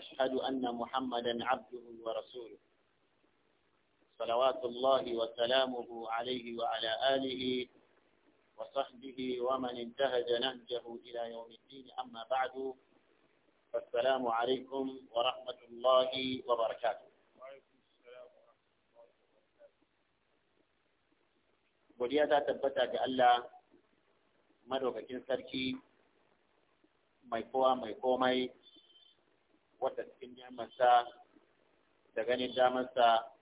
أشهد أن محمدا عبده ورسوله صلوات الله وسلامه عليه وعلى آله وصحبه ومن انتهج نهجه إلى يوم الدين أما بعد فالسلام عليكم ورحمة الله وبركاته godiya ta tabbata ga Allah ما يقوى ما يقوى ما يقوى Wata cikin ni'amarsa da ganin damarsa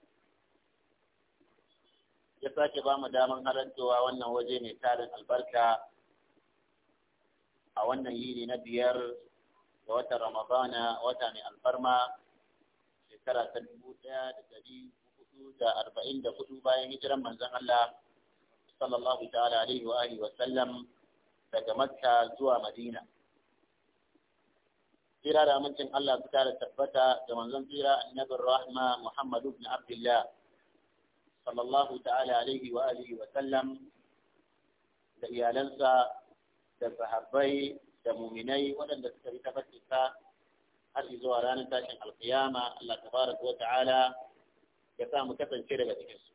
ya sake ba mu damar harantowa wannan waje mai tarin albarka a wannan yini na biyar da watan ramadana wata mai alfarma shekara ta dubu ɗaya da dari hudu da arba'in da hudu bayan hijiran manzon Allah sallallahu ta'ala alaihi wa alihi wa sallam daga Makka zuwa Madina. tsira da amincin Allah su kare tabbata da manzon tsira annabin rahma Muhammad ibn Abdullah sallallahu ta'ala alaihi wa alihi wa sallam da iyalansa da sahabbai da muminai waɗanda suka bi tabbata har zuwa ranar tashin alkiyama Allah tabaraka wa ta'ala ya sa mu kasance daga cikin su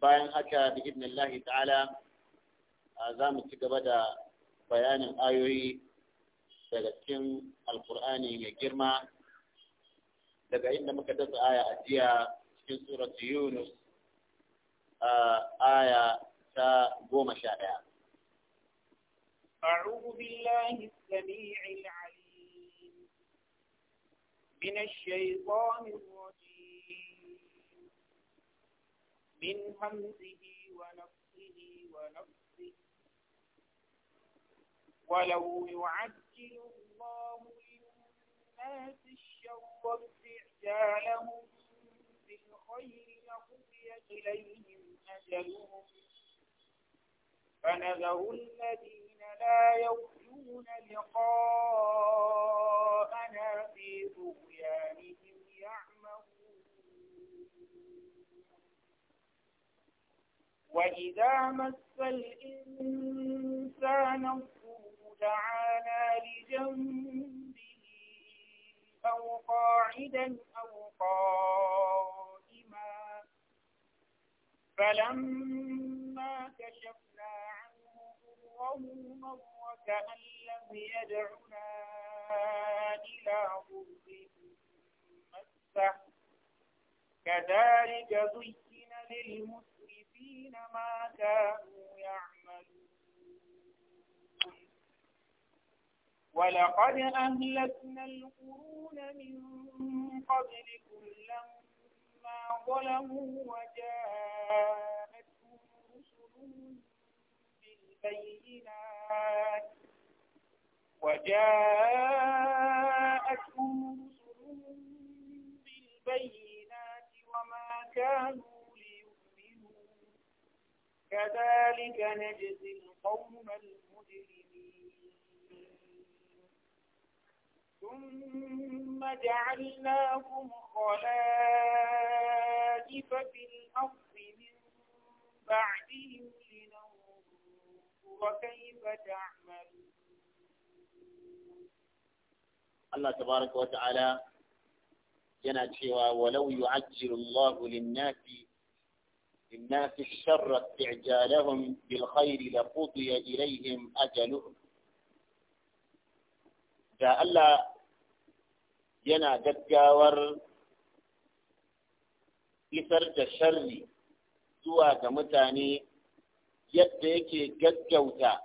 bayan haka bi idnillahi ta'ala za mu ci gaba da bayanin ayoyi سلكين القرآن يجرما لذا لما كتبت آية أجياء في سورة يونس آية تا قوم شائع أعوذ بالله السميع العليم من الشيطان الرجيم من همزه ونفسه ونفسه ولو يعد يبدل الله للناس الشر استعجالهم بالخير لقضي إليهم أجلهم فنذر الذين لا يرجون لقاءنا في طغيانهم يعمهون وإذا مس الإنسان تعالى لجنبه أو قاعدا أو قائما فلما كشفنا عنه ضره مر كأن لم يدعنا إلى ضر مسه كذلك زين للمسرفين ما كانوا يعملون ولقد أهلكنا القرون من قبلكم لما ظلموا وجاءتهم رسلهم بالبينات وجاءتهم رسلهم بالبينات وما كانوا ليؤمنوا كذلك نجزي القوم المؤمنين ثم جعلناهم خلائف في الأرض من بعدهم لننظر كيف تعملون الله تبارك وتعالى جناتشوا ولو يعجل الله للناس للناس الشر استعجالهم بالخير لقضي إليهم أجلهم فألا yana gaggawar isar da sharri zuwa ga mutane yadda yake gaggauta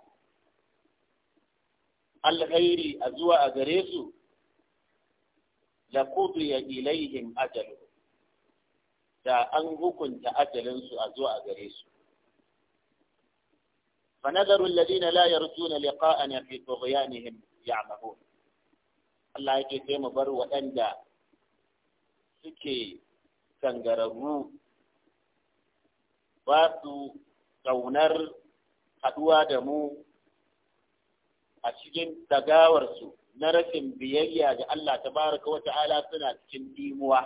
alkhairi a zuwa a gare su la ya ilaihim ajalu da an hukunta ajalinsu a zuwa a gare su فنذر الذين لا يرجون لقاءنا في طغيانهم يعمهون Allah yake sai mu bar waɗanda suke sangararru ba su ƙaunar haɗuwa da mu a cikin dagawarsu na rashin biyayya ga Allah ta baraka wa ta'ala suna cikin dimuwa.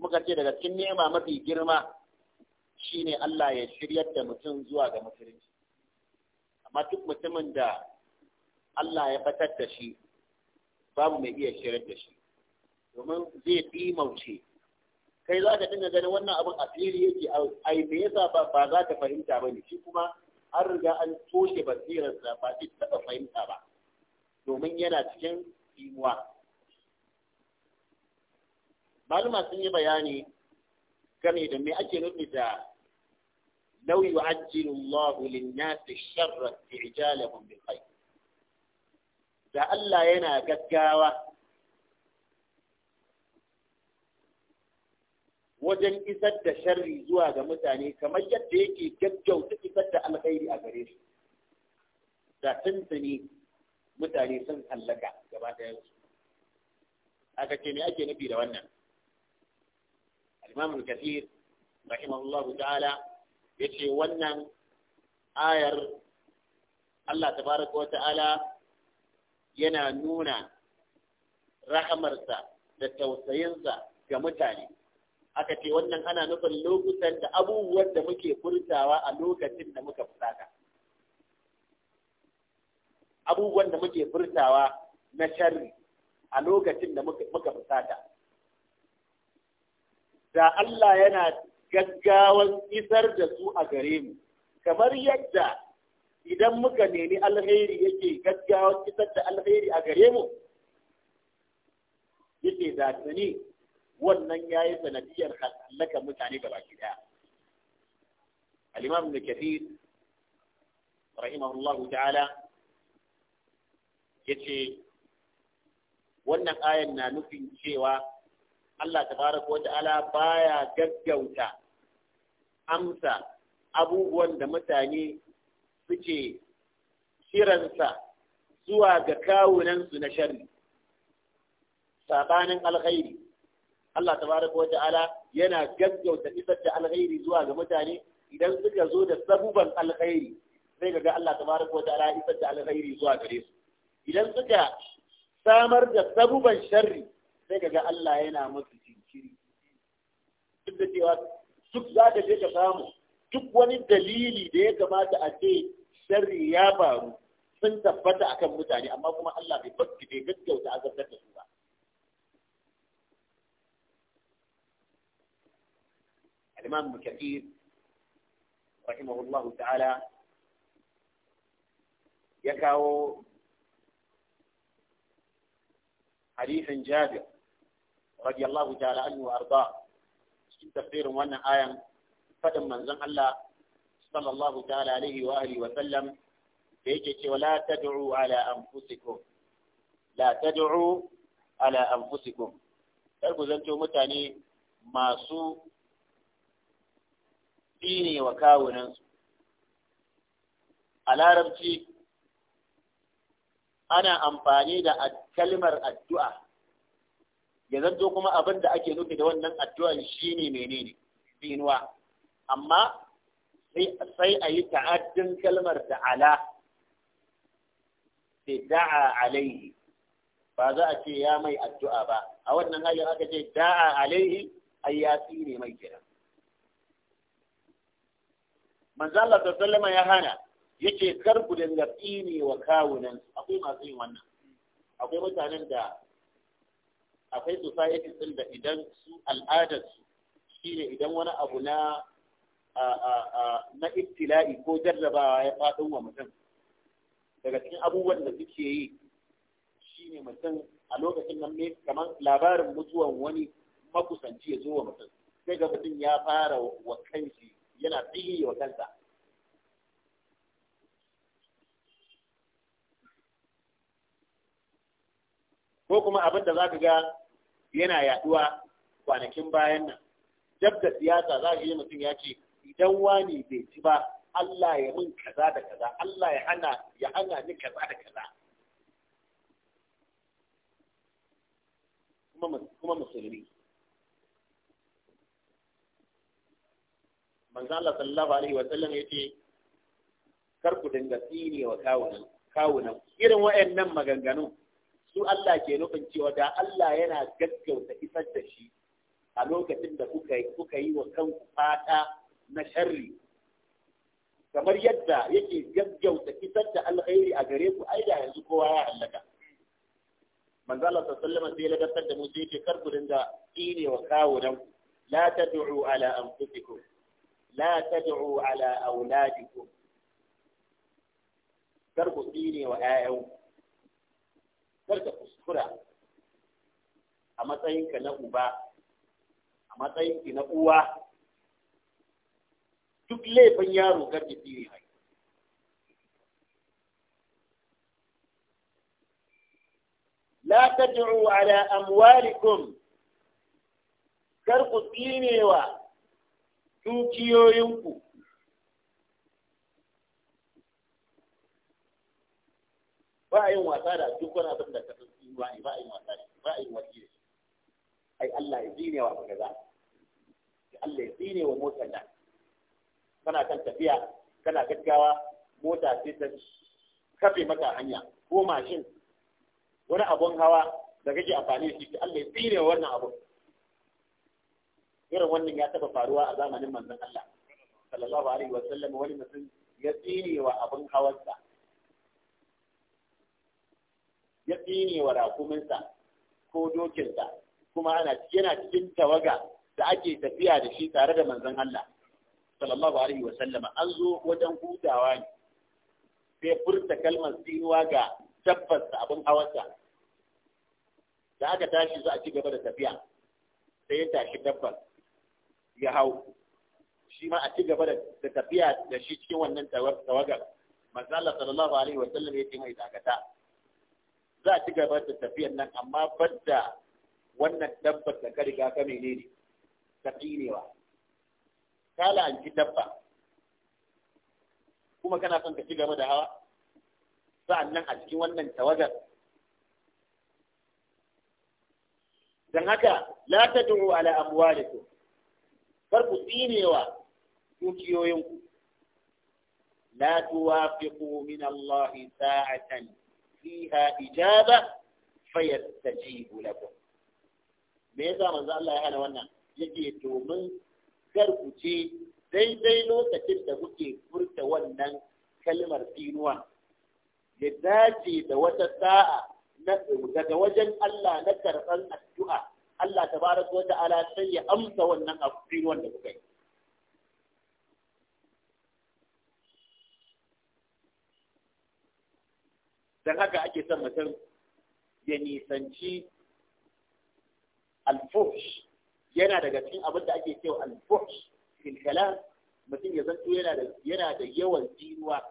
Muka ce daga cikin nema mafi girma shine Allah ya shiryar da mutum zuwa ga musulunci. Amma duk mutumin da Allah ya fatar da shi babu mai iya shirar da shi domin zai fi mauce kai za ka dinga ganin wannan abin asiri fili yake ai me yasa ba za ka fahimta ba ne shi kuma an riga an toshe da ba ta taɓa fahimta ba domin yana cikin imuwa Malama sun yi bayani game da me ake nufi da لو يعجل الله للناس الشر sharra ijalahum da Allah yana gaggawa wajen isar da sharri zuwa ga mutane kamar yadda yake gaggauta isar da alkhairi a gare su, da tuntuni mutane sun hallaka gaba ɗaya aka ce me ake nufi da wannan al-imam kathir rahimahullahu ta'ala yace wannan ayar Allah tabaraka wa ta'ala yana nuna rahamarsa da tausayinsa ga mutane aka ce wannan ana nufin lokutan da abubuwan da muke furtawa a lokacin da muka fusata abubuwan da muke furtawa na sharri a lokacin da muka fusata da Allah yana gaggawan isar da su a gare mu kamar yadda idan muka nemi alheri yake gaggawa kisar da alheri a gare mu yake da tuni wannan ya yi sanadiyar halaka mutane gaba ki daya al-imam al-kathir rahimahullahu ta'ala yace wannan ayan na nufin cewa Allah tabaraka wa ta'ala baya gaggauta amsa abubuwan da mutane suke kiransa zuwa ga kawunansu na sharri sabanin alkhairi Allah tabaraka wa ta'ala yana gaggauta isar da alkhairi zuwa ga mutane idan suka zo da sabuban alkhairi sai ga Allah tabaraka wa ta'ala isar da alkhairi zuwa gare su idan suka samar da sabuban sharri sai ga Allah yana musu jinkiri duk da cewa duk za ka je ka samu duk wani dalili da ya kamata a ce sharri ya faru sun tabbata akan mutane amma kuma Allah bai bakki bai gaskauta azabtar da su ba الإمام كثير رحمه الله تعالى يكاو حديث جابر رضي الله تعالى عنه وأرضاه في تفسير وأن آية fadin manzon Allah sallallahu ta'ala alaihi wa alihi wa sallam da yake cewa la tad'u ala anfusikum la tad'u ala anfusikum kar ku zanto mutane masu dini wa su. a larabci ana amfani da kalmar addu'a ya zanto kuma abin da ake nufi da wannan addu'a shine ne menene binwa amma sai a yi ta'addin kalmar da ala sai da'a alaihi ba za a ce ya mai addu'a ba a wannan hanyar aka ce da'a alaihi ai ya ne mai kira manzala da sallama ya hana kar ku dinga tsine wa kawunan akwai masu yin wannan akwai mutanen da akwai society din da idan su al'adarsu shi shine idan wani abu na na ibtila'i ko jarrabawa ya faɗin wa mutum daga cikin abubuwan da suke yi shine mutum a lokacin nan ne kamar labarin mutuwan wani makusanci ya zo wa mutum sai ga mutum ya fara wa kanshi yana tsiri wa kansa ko kuma abin da za ka ga yana yaduwa kwanakin bayan nan jab da siyasa za ka yi mutum ya ce idan wani bai ci ba Allah ya min kaza da kaza Allah ya hana ya hana ni kaza da kaza kuma musulmi manzo Allah sallallahu alaihi wa sallam yace kar ku dinga tsine wa kawunan kawunan irin wayannan maganganu su Allah ke nufin cewa da Allah yana gaggauta isar da shi a lokacin da kuka yi wa kanku fata na sharri kamar yadda yake gaggauta fitar da alkhairi a gare ku ai da yanzu kowa ya hallaka manzo Allah sallallahu alaihi wasallam sai da mu sai ce kar ku dinga kine wa kawunan la tad'u ala anfusikum la tad'u ala auladikum kar ku kine wa ayyau kar ka kuskura a matsayinka na uba a matsayinki na uwa duk laifin yaro gardi ne mai la tad'u ala amwalikum kar ku tsinewa dukiyoyinku ba a yin wasa da duk wani abin da ka san tsini ba a yin wasa da ba a yin wasi da ai Allah ya tsine wa kaza Allah ya tsine wa motar da kana kan tafiya kana gaggawa mota sai ta kafe maka hanya ko mashin wani abun hawa da kake amfani da shi Allah ya tsire wannan abun irin wannan ya taba faruwa a zamanin manzon Allah sallallahu alaihi wa sallam wani mutum ya tsire wa abun hawarsa ya tsire wa rakuminsa ko dokinsa kuma ana yana cikin tawaga da ake tafiya da shi tare da manzon Allah sallallahu alaihi wa sallama an zo wajen hutawa ne sai furta kalmar tsinuwa ga tabbas abin hawarsa da aka tashi zuwa a ci gaba da tafiya sai ya tashi tabbas ya hau shi ma a ci gaba da tafiya da shi cikin wannan tawagar manzo sallallahu alaihi wa sallam ya ce mai dakata za a ci gaba da tafiyar nan amma fadda wannan dabbar da ka riga ka menene ta tsinewa ka la'anci dabba kuma kana son ka ci gaba da hawa sa'annan a cikin wannan tawagar dan haka la tad'u ala amwalikum kar ku tsinewa dukiyoyinku la tuwafiqu min Allah sa'atan fiha ijaba fayastajibu lakum me yasa manzo Allah ya hana wannan yake domin kar ku ce daidai lokacin da kuke furta wannan kalmar tsinuwa ya dace da wata sa'a daga wajen Allah na karɓar addu'a Allah tabaraka wa ta'ala sai ya amsa wannan tsinuwan da kuka yi don haka ake son mutum ya nisanci alfush yana daga cikin abin da ake cewa al-fuhsh fil kalam mutum ya zanto yana da yana da yawan dinuwa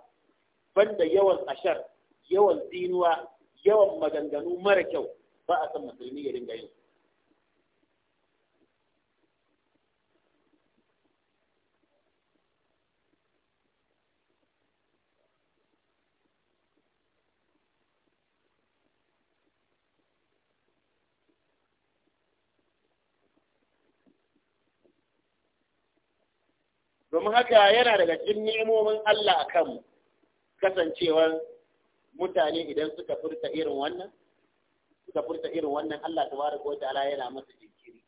banda yawan ashar yawan dinuwa yawan maganganu mara kyau ba a san musulmi ya dinga yin su domin haka yana daga cikin nemomin Allah a kanmu kasancewar mutane idan suka furta irin wannan suka furta irin wannan Allah tabaraka wa ta'ala yana masa jinkiri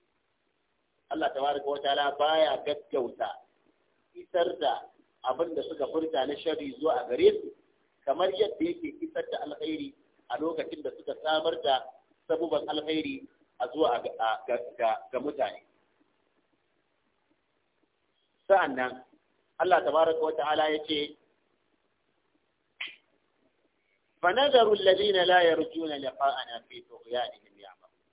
Allah tabaraka wa ta'ala baya gaggauta isar da abin da suka furta na shari zuwa a gare su kamar yadda yake isar da alkhairi a lokacin da suka samar da sabuban alkhairi a zuwa ga mutane sa'annan Allah tabaraka wa ta'ala yace fa nadaru alladhina la yarjuna liqa'ana fi tughyanihim ya'malun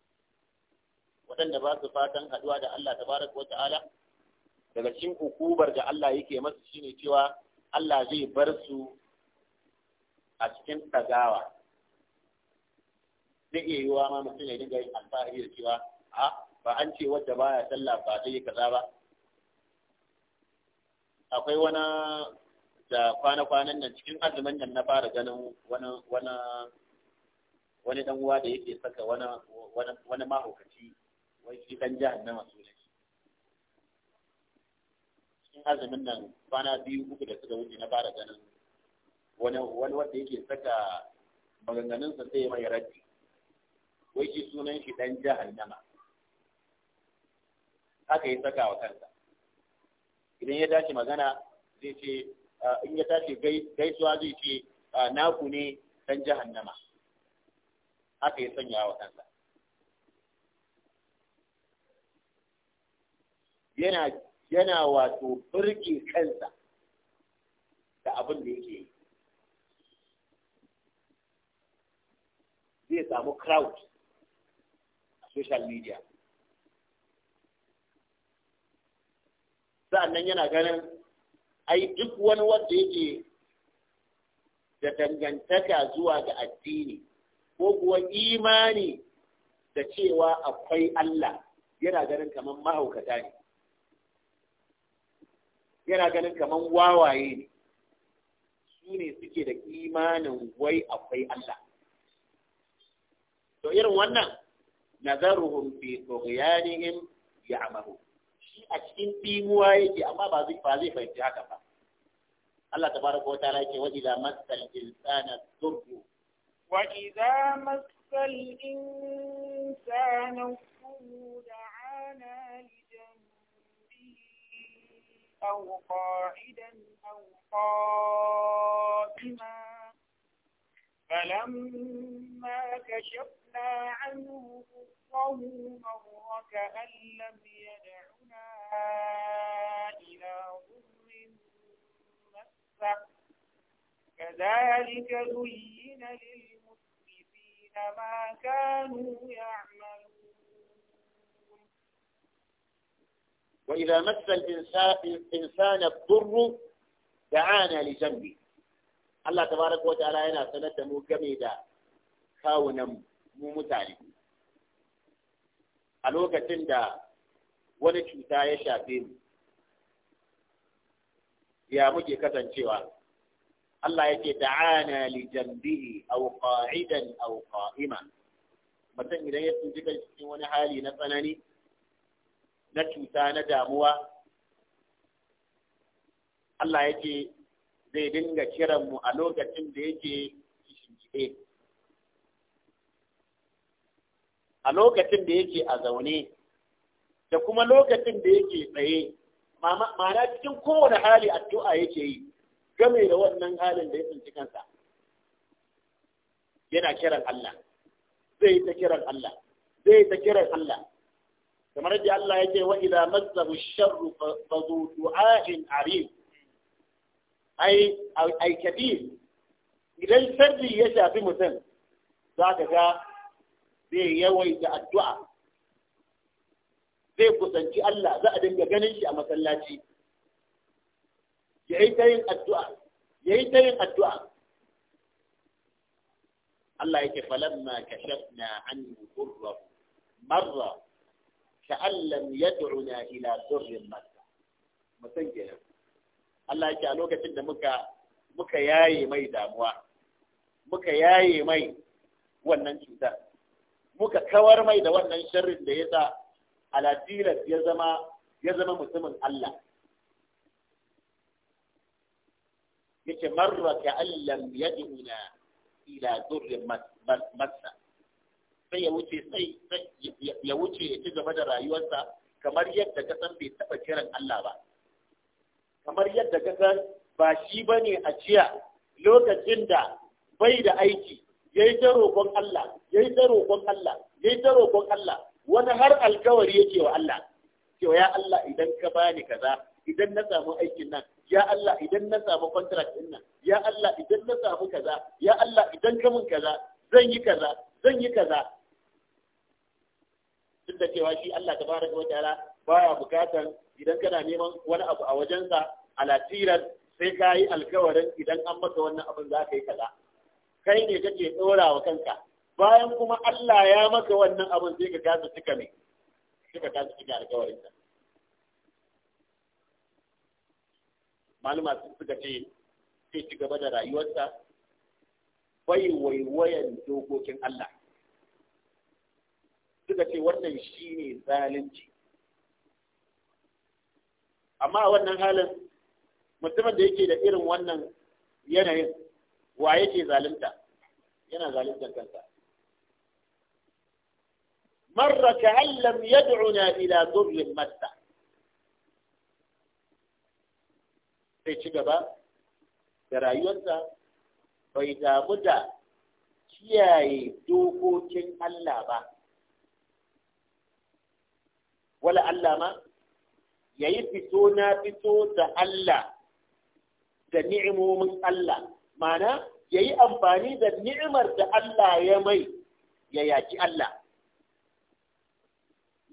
wadanda ba su fatan haduwa da Allah tabaraka wa ta'ala daga cikin hukubar da Allah yake masa shine cewa Allah zai bar su a cikin tagawa zai iya yiwa ma mutum ya dinga yin alfahari da cewa a ah, ba an ce wadda baya sallah ba zai yi kaza ba akwai wani da kwana-kwanan nan cikin azumin nan na fara ganin wani wani wani dan uwa da yake saka wani wani wani mahaukaci wai shi dan jahannama sunan shi cikin azumin nan kwana biyu uku da suka wuce na fara ganin wani wani wanda yake saka maganganun sa sai mai raddi wai shi sunan shi dan jahannama haka ya saka wa kansa idan ya tashi magana zai ce in ya tashi gaisuwa zai ce naku ne dan jahannama haka ya sanya wa kansa yana yana wato burge kansa da abin da yake yi zai samu crowd a social media nan yana ganin ai duk wani wanda yake da dangantaka zuwa ga addini ko kuwa imani da cewa akwai Allah yana ganin kamar mahaukata ne yana ganin kamar wawaye ne su ne suke da imanin wai akwai Allah to irin wannan nazaruhum fi tughyanihim ya'mahu a cikin dimuwa yake amma ba zai ba zai fahimci haka ba Allah ta tabaraka wa ta'ala yake wa idza massal insana dhurru wa idza massal insana dhurru da'ana li janbihi aw qa'idan aw qa'iman فلما كشفنا عنه ضره مر كأن لم يدعه إلى ظلم مسا كذلك زين للمسرفين ما كانوا يعملون وإذا مس الإنسان الضر دعانا لجنبه الله تبارك وتعالى هنا سنتم جميدا مو ممتعين الوقت عند wani cuta ya shafe mu ya muke kasancewa Allah yake da'ana li jambihi aw qa'idan aw qa'ima mutum idan ya tsinci kan cikin wani hali na tsanani na cuta na damuwa Allah yake zai dinga kiran mu a lokacin da yake kishingide a lokacin da yake a zaune da kuma lokacin da yake tsaye ma'ana cikin kowane hali addu'a yake yi game da wannan halin da ya tsinci kansa yana kiran Allah zai ta kiran Allah zai ta kiran Allah kamar da Allah yake wa ila massahu sharru fa zu du'a'in arif ai ai kabir idan sarri ya shafi mutum zaka ga zai yawaita addu'a zai kusanci Allah za a dinga ganin shi a masallaci yayi ta yin addu'a yayi ta yin addu'a Allah yake falamma kashafna anhu durrahu marra ka'an lam yad'una ila durrin masa mutum kenan Allah yake a lokacin da muka muka yaye mai damuwa muka yaye mai wannan cutar muka kawar mai da wannan sharrin da ya sa ala ya zama mutumin Allah yake marra ka allam yad'una ila durrin sai ya wuce sai ya wuce ya ci gaba da rayuwarsa kamar yadda ka san bai taba kiran Allah ba kamar yadda ka san ba shi bane a ciya lokacin da bai da aiki yayi ta roƙon Allah yayi ta roƙon Allah yayi ta roƙon Allah wani har alkawari yake wa Allah cewa ya Allah idan ka bani kaza idan na samu aikin nan ya Allah idan na samu contract din nan ya Allah idan na samu kaza ya Allah idan ka mun kaza zan yi kaza zan yi kaza duk da cewa shi Allah tabaraka wa ta'ala baya bukatan idan kana neman wani abu a wajensa alatiran sai ka yi alkawarin idan an maka wannan abin za ka yi kaza kai ne kake ɗora wa kanka bayan kuma Allah ya maka wannan abin sai ka kasa cika ne sai ka kasa cika ta. malama su suka ce sai ci gaba da rayuwarsa bai waiwayan dokokin Allah suka ce wannan shi ne zalunci amma a wannan halin mutumin da yake da irin wannan yanayin wa yake zalunta yana zaluntar kansa مر كأن لم يدعنا إلى ضر مسه sai ci gaba da rayuwarsa bai damu da kiyaye dokokin Allah ba wala Allah ma ya yi fito na fito da Allah da ni'imomin Allah mana ya yi amfani da ni'imar da Allah ya mai ya yaki Allah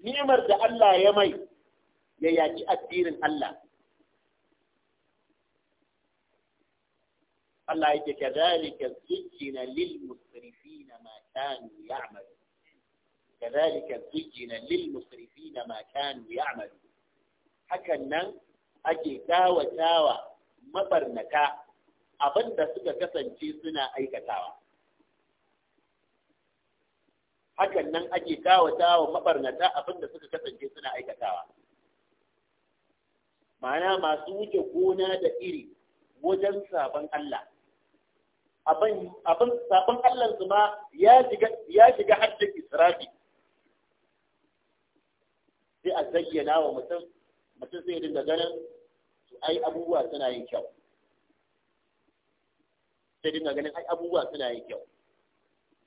ni'imar da Allah ya mai ya yaki addinin Allah Allah yake kadhalika zujjina lil musrifina ma kanu ya'malu kadhalika zujjina lil musrifina ma kanu ya'malu hakan nan ake dawatawa mabarnata abinda suka kasance suna aikatawa hakan nan ake kawata wa mabarnata abinda suka kasance suna aikatawa ma'ana masu wuce gona da iri wajen sabon Allah abin sabon Allah su ma ya shiga haddin israfi sai a zayyana wa mutum mutum sai dinga ganin su ai abubuwa suna yin kyau sai dinga ganin ai abubuwa suna yin kyau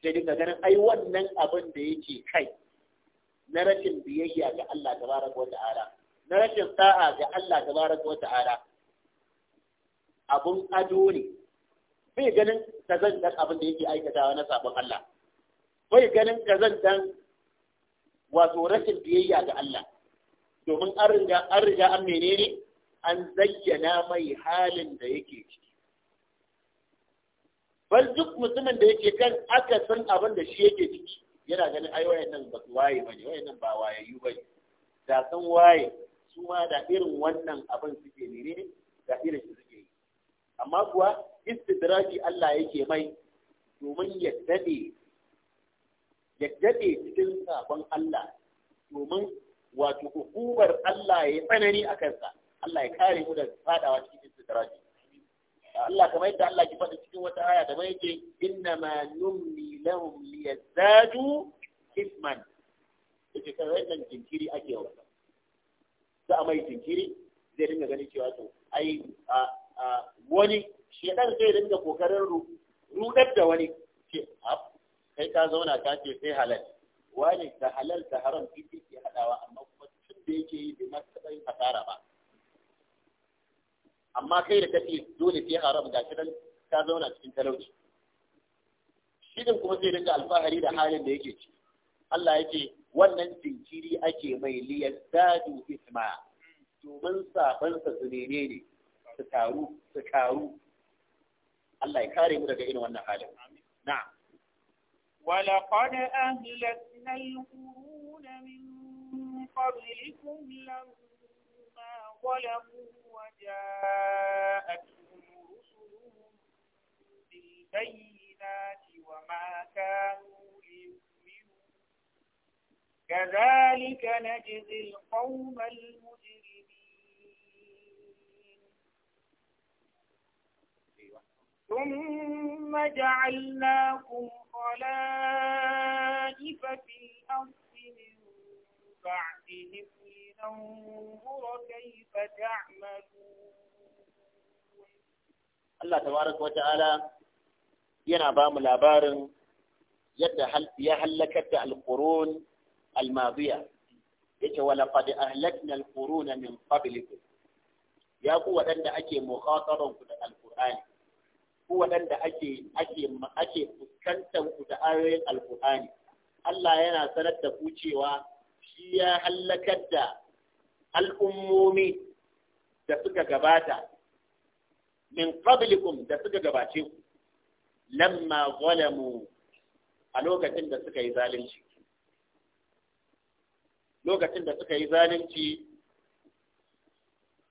sai dinga ganin ai wannan abin da yake kai na rashin biyayya ga Allah tabaraka wa ta'ala na rashin sa'a ga Allah tabaraka wa ta'ala abun ado ne bai ganin zan dan abin da yake aikatawa na sabon Allah bai ganin zan dan wato rashin biyayya ga Allah domin an riga an menene an zayyana mai halin da yake ciki bal duk mutumin da yake kan aka san abin da shi yake ciki yana ganin ai nan ba waye bane nan ba wayayyu bane da san waye su ma da irin wannan abin suke ne da irin shi suke yi amma kuwa istidraji Allah yake mai domin ya dade ya dade cikin sabon Allah domin wato hukumar Allah ya tsanani a kansa Allah ya kare mu daga fadawa cikin istidraji Allah kamar yadda Allah ke faɗa cikin wata aya da bai ce inna ma numli lahum liyazdadu isman yace kai wannan jinkiri ake wa za a mai jinkiri zai dinga ganin cewa to ai a wani shedan zai dinga kokarin rudar da wani ce kai ka zauna ka ce sai halal wani da halal da haram kike ke hadawa amma kuma tun da yake yi bai ma taɓa hasara ba amma kai da kake dole sai haram ga shi dan ka zauna cikin talauci shi din kuma zai dinga alfahari da halin da yake ci Allah yake wannan jinkiri ake mai liyazdadu isma domin saban sa su ne su taru su karu Allah ya kare mu daga irin wannan halin na'am ولقد أهلكنا القرون من قبلكم لما ظلموا وجاءتهم رسلهم بالبينات وما كانوا ليؤمنوا كذلك نجزي القوم المجرمين ثم جعلناكم خلائف في الأرض من بعدهم Allah tabaraka wata'ala yana ba mu labarin yadda ya halakar da al alqurun almadiya yace wala qad ahlakna alqurun min qablikum ya ku waɗanda ake mukhataban ku da al alqur'ani ku waɗanda ake ake ake fuskantar ku da ayoyin alqur'ani Allah yana sanar da ku cewa shi ya halakar da al'ummomi da suka gabata min qablikum da suka gabace ku lamma mu a lokacin da suka yi zalunci lokacin da suka yi zalunci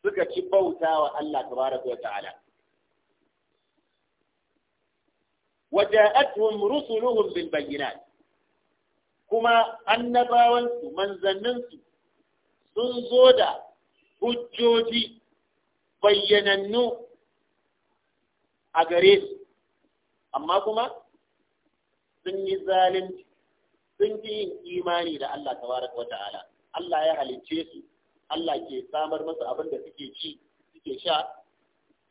suka ci bauta wa Allah bara wa ta'ala وجاءتهم rusuluhun بالبينات kuma annabawansu manzanninsu sun zo da hujjoji bayyanannu a gare su amma kuma sun yi zalunci sun fi yin imani da Allah tabaraka wa ta'ala Allah ya halicce su Allah ke samar masu abin da suke ci suke sha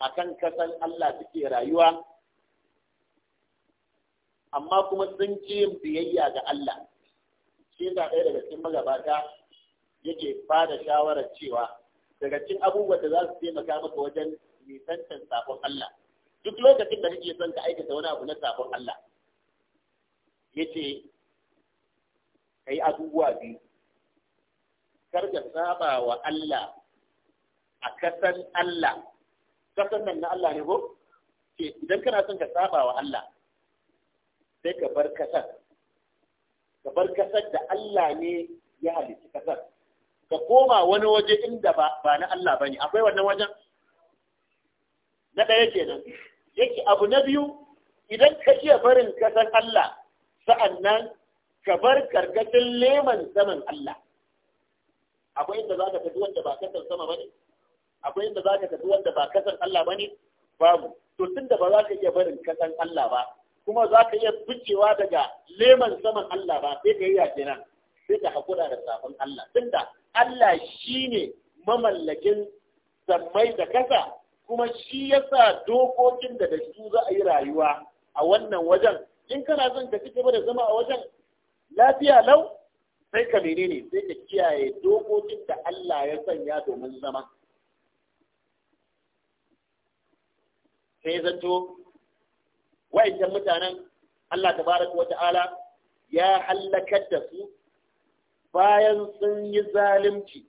A kan kasan Allah suke rayuwa amma kuma sun ce yin biyayya ga Allah shi yasa ɗaya daga cikin magabata yake ba da shawarar cewa daga cikin abubuwan da za su taimaka maka wajen nisantar sabon Allah duk lokacin da kake son ka aikata wani abu na sabon Allah yace kai abubuwa biyu kar ka saba wa Allah a kasan Allah kasan nan na Allah ne ko Ke idan kana son ka saba wa Allah sai ka bar kasar ka bar kasar da Allah ne ya halitta kasar ka koma wani waje inda ba na Allah ne, akwai wannan wajen na ɗaya kenan yake abu na biyu idan ka iya barin kasan Allah sa'an nan ka bar karkashin leman saman Allah akwai inda za ka tafi wanda ba kasan sama ba ne? akwai inda za ka tafi wanda ba kasan Allah ba ne? babu to da ba za ka iya barin kasan Allah ba kuma za ka iya ficewa daga leman saman Allah ba sai ka yi yaƙi nan sai ka haƙura da sabon Allah da Allah shi ne mamallakin sammai da kasa kuma shi ya sa dokokin da da su za a yi rayuwa a wannan wajen in kana son ka ci da zama a wajen lafiya lau sai ka menene sai ka kiyaye dokokin da Allah ya sanya domin zama sai zato wa'in mutanen Allah tabaraka wa ta'ala ya hallakar da su bayan sun yi zalunci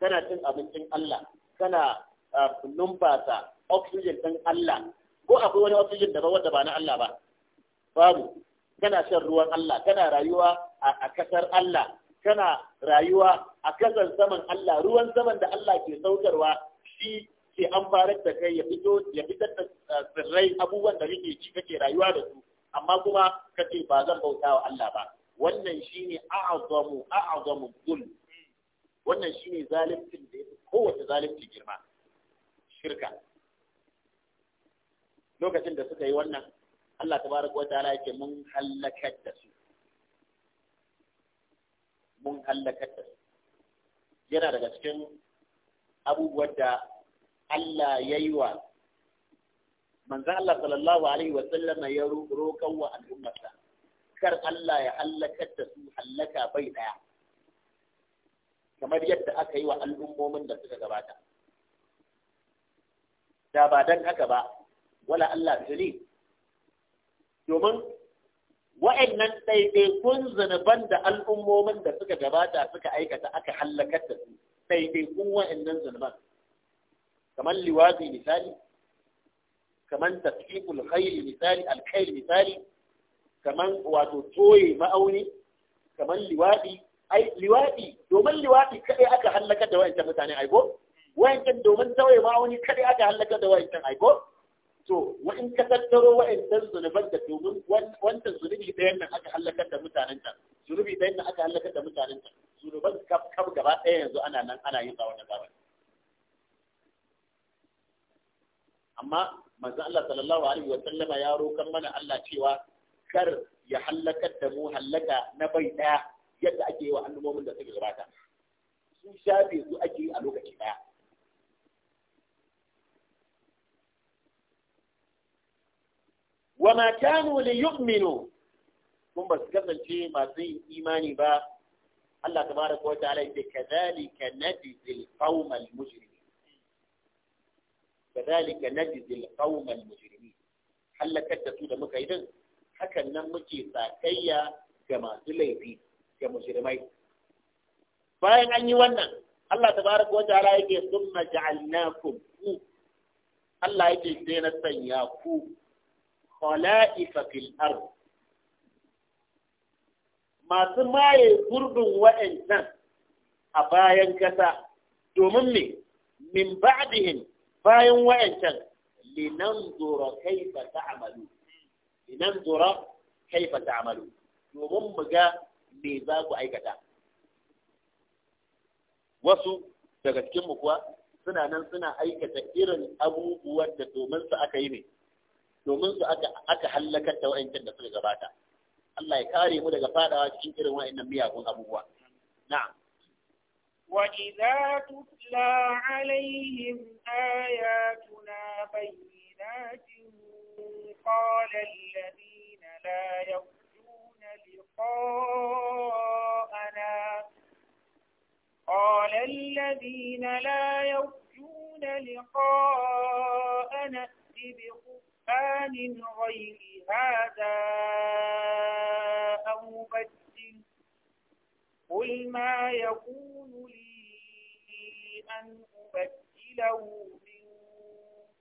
kana cin abincin Allah kana ah, numfasa oxygen ɗin Allah ko akwai wani oxygen daban wanda ba na Allah ba babu kana shan ruwan Allah kana rayuwa a kasar Allah kana rayuwa a kasar saman Allah ruwan saman da Allah ke saukarwa shi ke amfanar da kai ya fito ya fitar da ah, tsirrai abubuwan da kake ci kake rayuwa da su amma kuma kace ba zan bauta wa Allah ba wannan shine a'zamu a'zamu dhulm wannan shine zalimcin da yake kowace zalunci girma shirka lokacin da suka yi wannan Allah tabaraka wa ta'ala yake mun halakar da su mun halakar da su yana daga cikin abubuwan da Allah ya yi wa manzan Allah sallallahu Alaihi wasallama ya roƙon wa al'ummarsa kar Allah ya hallakar da su hallaka bai ɗaya kamar yadda aka yi wa al'ummomin da suka gabata da ba don haka ba wala Allah tuni domin wa'annan ɗaiɗaikun zunuban da al'ummomin da suka gabata suka aikata aka hallakar da su ɗaiɗaikun wa'annan zunuban kamar liwazi misali kamar tafiqul khayl misali alkhayl misali kaman wato toye ma'auni kaman liwaɗi ai liwaɗi domin liwaɗi kaɗai aka hallakar da wayancan mutane aiko wayancan domin tawaye ma'auni kaɗai aka hallakar da wayancan aiko to wa in ka tattaro wayancan zunuban da domin wancan zunubi ɗayan nan aka hallakar da mutanen ta zunubi ɗayan nan aka hallakar da mutanen ta zunuban kaf kaf gaba ɗaya yanzu ana nan ana yin tsawon zamani amma manzo Allah sallallahu alaihi wa sallama ya rokan mana Allah cewa kar ya hallakar da mu halaka na bai ɗaya yadda ake yi wa annumomin da suka gabata su shafe su ake yi a lokaci daya wama kanu li yu'minu kun ba su kasance masu yin imani ba Allah tabaraka wa ta'ala yace kadhalika najzil qaumal mujrimin kadhalika najzil al mujrimin halakar da su da muka yi din hakan nan muke sakayya ga masu laifi ga musulmai bayan an yi wannan Allah ta tabaraka wa ta'ala yake summa ja'alnakum ku Allah yake sai na sanya ku khala'ifa fil ard masu maye gurbin wa'annan a bayan kasa domin me min ba'dihim bayan wa'ancan linanzura kaifa ta'malu linanzura kaifa amalu domin mu ga me za ku aikata wasu daga cikinmu kuwa suna nan suna aikata irin abubuwan da domin su aka yi ne domin su aka aka da da suka gabata Allah ya kare mu daga fadawa cikin irin wa'annan miyagun abubuwa na'am idza tutla alaihim ayatuna bayyinatin قال الذين لا يرجون لقاءنا قال الذين لا يرجون لقاءنا بقرآن غير هذا أو بدل قل ما يكون لي أن أبدله من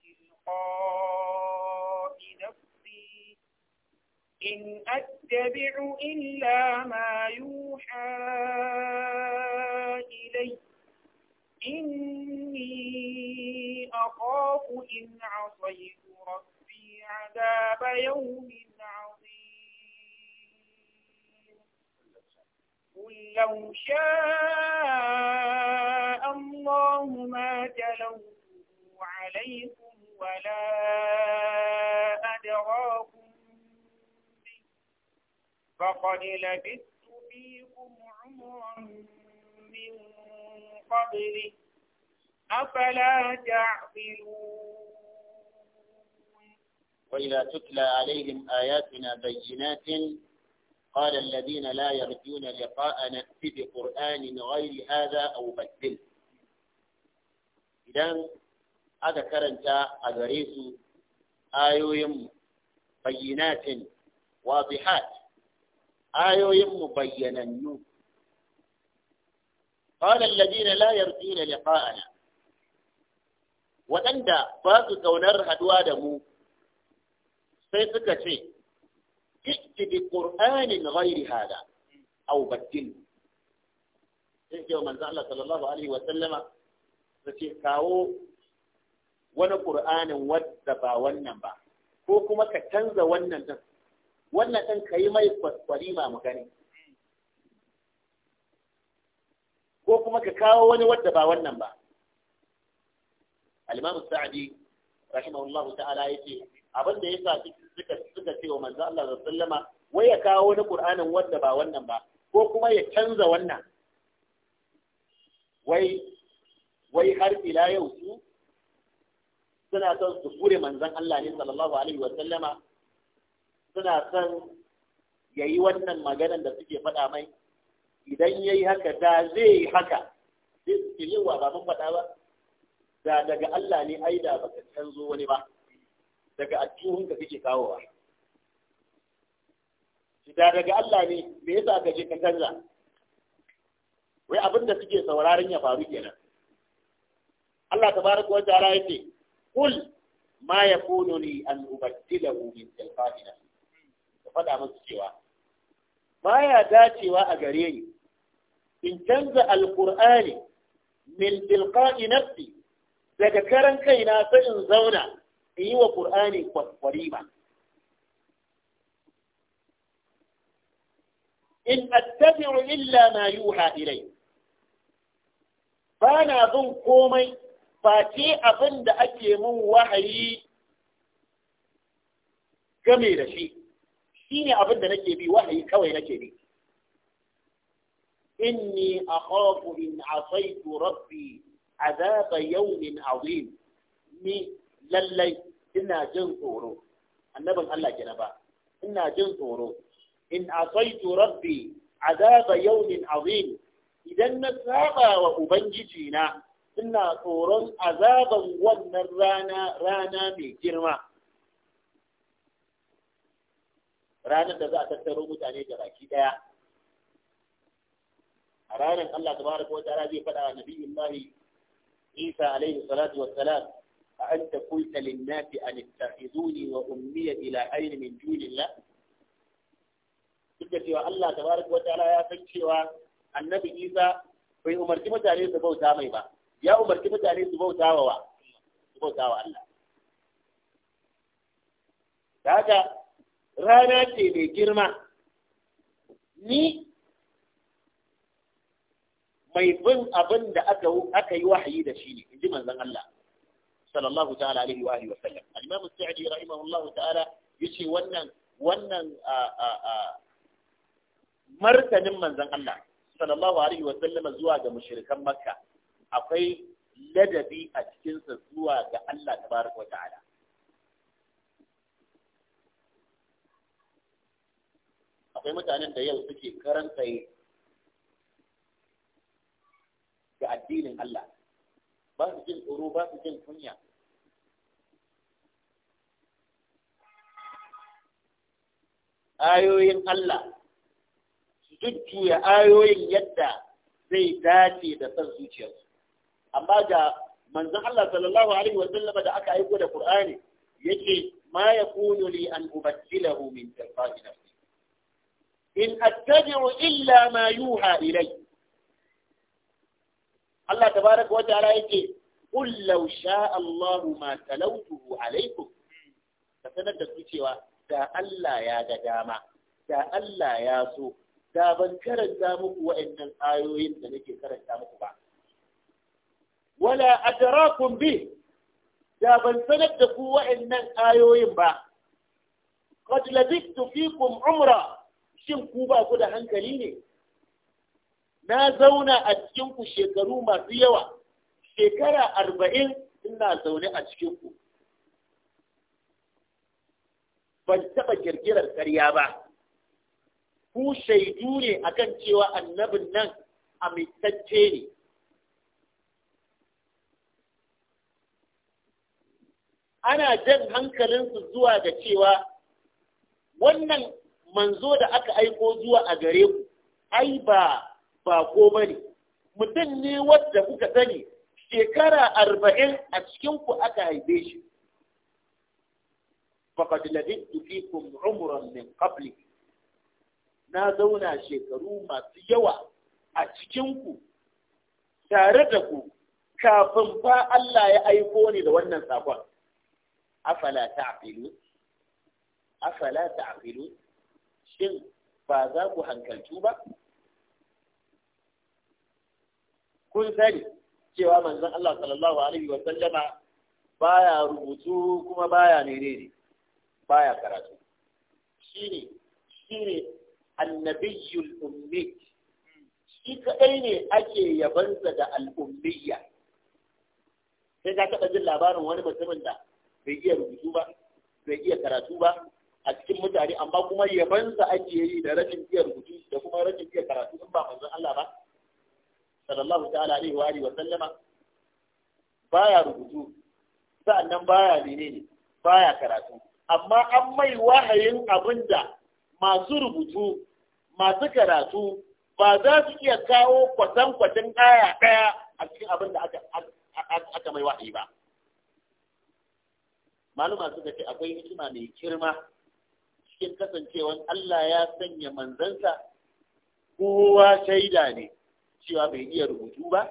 تلقاء إن أتبع إلا ما يوحى إلي إني أخاف إن عصيت ربي عذاب يوم عظيم قل لو شاء الله ما تلوته عليكم ولا فقد لبثت فيكم عمرا من قبله أفلا تعقلون وإذا تتلى عليهم آياتنا بينات قال الذين لا يرجون لقاء نأتي بقرآن غير هذا أو بدله إذن هذا كرنت أدريس آيوهم بينات واضحات ayoyin mu bayyanannu qala alladhina la yarjuna liqa'ana waɗanda ba su kaunar haduwa da mu sai suka ce ikki bi qur'anin ghairi hada aw baddil sai ce manzo Allah sallallahu alaihi wa sallama sai kawo wani qur'anin wadda ba wannan ba ko kuma ka canza wannan din wannan ɗin ka yi mai kwaskwari ma mu gani ko kuma ka kawo wani wadda ba wannan ba alimamu Sa'adi sa'adi rahimahullahu ta'ala ce abin da sa suka suka ce wa manzo Allah sallallahu wai ya kawo wani Qur'anin wadda ba wannan ba ko kuma ya canza wannan wai wai har ila yau su suna son su kure manzon Allah ne sallallahu alaihi wasallama suna son ya yi wannan maganan da suke faɗa mai idan ya yi haka da zai yi haka zai suke yi wa ba mun faɗa ba da daga Allah ne ai da baka canzo wani ba daga addinin ka kake kawowa da daga Allah ne me yasa ka je ka canza wai abin da suke sauraron ya faru kenan Allah tabaraka wa ta'ala yace kul ma yakunu li an ubaddilahu min tilqa'i nafsi faɗa masu cewa baya dacewa a gare ni in canza alƙur'ani min tilqa'i nafsi daga karan kaina sai in zauna in yi wa ƙur'ani ba. in attabi'u illa ma yuha ilai ba na bin komai face abin da ake min wahayi game da shi shine abin da nake bi wahayi kawai nake bi inni akhafu in asaitu rabbi azaba yawmin azim ni lallai ina jin tsoro annabin Allah kenan ba ina jin tsoro in asaitu rabbi azaba yawmin azim idan na saba wa ubangiji na ina tsoron azaban wannan rana rana mai girma ranar da za a tattaro mutane da baki daya a ranar Allah tabaraka wa ta'ala zai faɗa wa nabiyyin mahi Isa alaihi salatu wassalam a an ta kulta linnati an ittakhizuni wa ummiya ila ayn min dunillah duk da cewa Allah tabaraka wa ta'ala ya san cewa annabi Isa bai umarci mutane su bauta mai ba ya umarci mutane su bauta wa su bauta wa Allah da haka rana ce mai girma ni mai bin abin da aka aka yi wahayi da shi ne inji manzon Allah sallallahu ta'ala alaihi wa alihi wa sallam al-imam as-sa'di rahimahullahu ta'ala yace wannan wannan martanin manzon Allah sallallahu alaihi wa sallam zuwa ga mushrikan makka akwai ladabi a cikinsa zuwa ga Allah tabaraka wa ta'ala akwai mutanen da yau suke karanta yi ga addinin Allah ba su jin tsoro ba su jin kunya ayoyin Allah su jujjuya ayoyin yadda zai dace da san zuciyarsu amma ga manzon Allah sallallahu alaihi sallam, da aka aiko da Qur'ani yake ma yakunu li an ubaddilahu min tilqa'i nafsi in attabi'u illa ma yuha ilai Allah tabaraka wa ta'ala yake qul law sha'a Allah ma talawtuhu alaikum ka sanar da su cewa da Allah ya ga dama da Allah ya so da ban karanta muku wa'annan ayoyin da nake karanta muku ba wala adrakum bi da ban sanar da ku wa'annan ayoyin ba qad labithtu fikum umra shin ku ba ku da hankali ne na zauna a cikin ku shekaru masu yawa shekara arba'in ina zaune a cikin ku ban taɓa kirkirar ƙarya ba ku shaidu ne akan cewa annabin nan amintacce ne ana jan hankalinsu zuwa da cewa wannan manzo da aka aiko zuwa a gare ku ai ba ba ko mutum ne wanda kuka sani shekara arba'in a cikinku aka haife shi faqad labittu fikum umran min qabli na zauna shekaru masu yawa a cikin ku tare da ku kafin fa Allah ya aiko ni da wannan sakon afala ta'qilu afala ta'qilu shin ba za ku hankaltu ba kun sani cewa manzon Allah sallallahu alaihi wa ba ya rubutu kuma ba ya ne, ba ya karatu Shi ne annabiyyul ummi shi kadai ne ake yabansa da al'ummiyya sai ka taɓa jin labarin wani mutumin da bai iya rubutu ba bai iya karatu ba a cikin mutane amma kuma yabansa ake yi da rashin iya rubutu da kuma rashin iya karatu in ba manzon Allah ba sallallahu ta'ala alaihi wa alihi wa sallama baya rubutu sa'annan baya menene baya karatu amma an mai wahayin abinda masu rubutu masu karatu ba za su iya kawo kwatankwacin aya ɗaya a cikin abin da aka mai wahayi ba. Malama suka ce akwai hikima mai girma cikin kasancewa Allah ya sanya manzansa kowa shaida ne cewa bai iya rubutu ba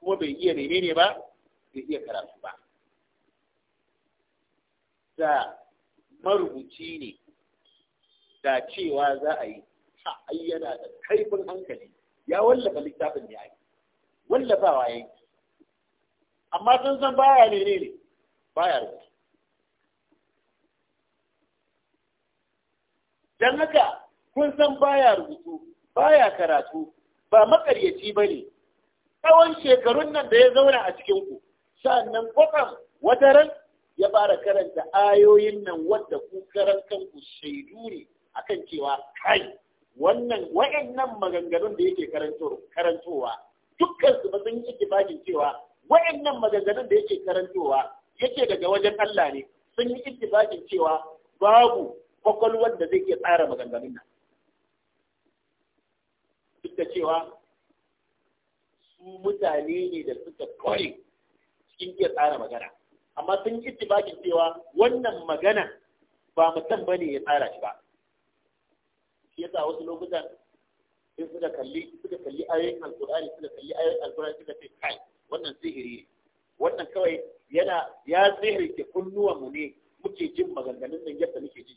kuma bai iya menene ba bai iya karatu ba da marubuci ne da cewa za a yi ha ayyana da kaifin hankali ya wallafa littafin ya yi wallafawa ya yi amma sun san baya ne ne baya rubutu don haka kun san baya rubutu baya karatu ba makaryaci ba ne tsawon shekarun nan da ya zauna a cikinku sa'annan kwatsam wata ran ya fara karanta ayoyin nan wadda ku karantar kanku shaidu ne akan cewa kai wannan wa'annan maganganun da yake karantowa dukkan su sun yi ittifaqin cewa wa'annan maganganun da yake karantowa yake daga wajen Allah ne sun yi ittifaqin cewa babu kwakwalwar da zai iya tsara maganganun nan duk da cewa su mutane ne da suka kware cikin iya tsara magana amma sun yi bakin cewa wannan magana ba mutum bane ya tsara shi ba shi yasa wasu lokutan in suka kalli suka kalli ayoyin alkur'ani suka kalli ayoyin alkur'ani suka ce kai wannan sihiri ne wannan kawai yana ya sihirce ke mu ne muke jin maganganun nan yadda muke ji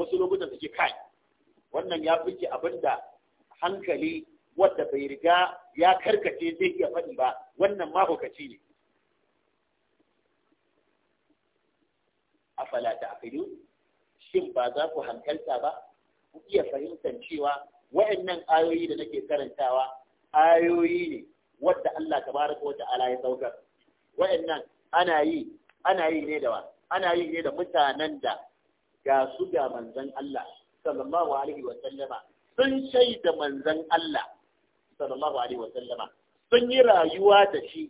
wasu lokutan suke kai wannan ya fi abin da hankali wadda bai riga ya karkace zai iya faɗi ba wannan mahaukaci ne afala ta aqilu shin ba za ku hankalta ba ku iya fahimtar cewa waɗannan ayoyi da nake karantawa ayoyi ne wadda Allah tabaraka wa ta'ala ya saukar waɗannan ana yi ana yi ne da wa ana yi ne da mutanen da ga su ga manzan Allah sallallahu alaihi wa sallama sun shaida manzan Allah sallallahu alaihi wa sallama sun yi rayuwa da shi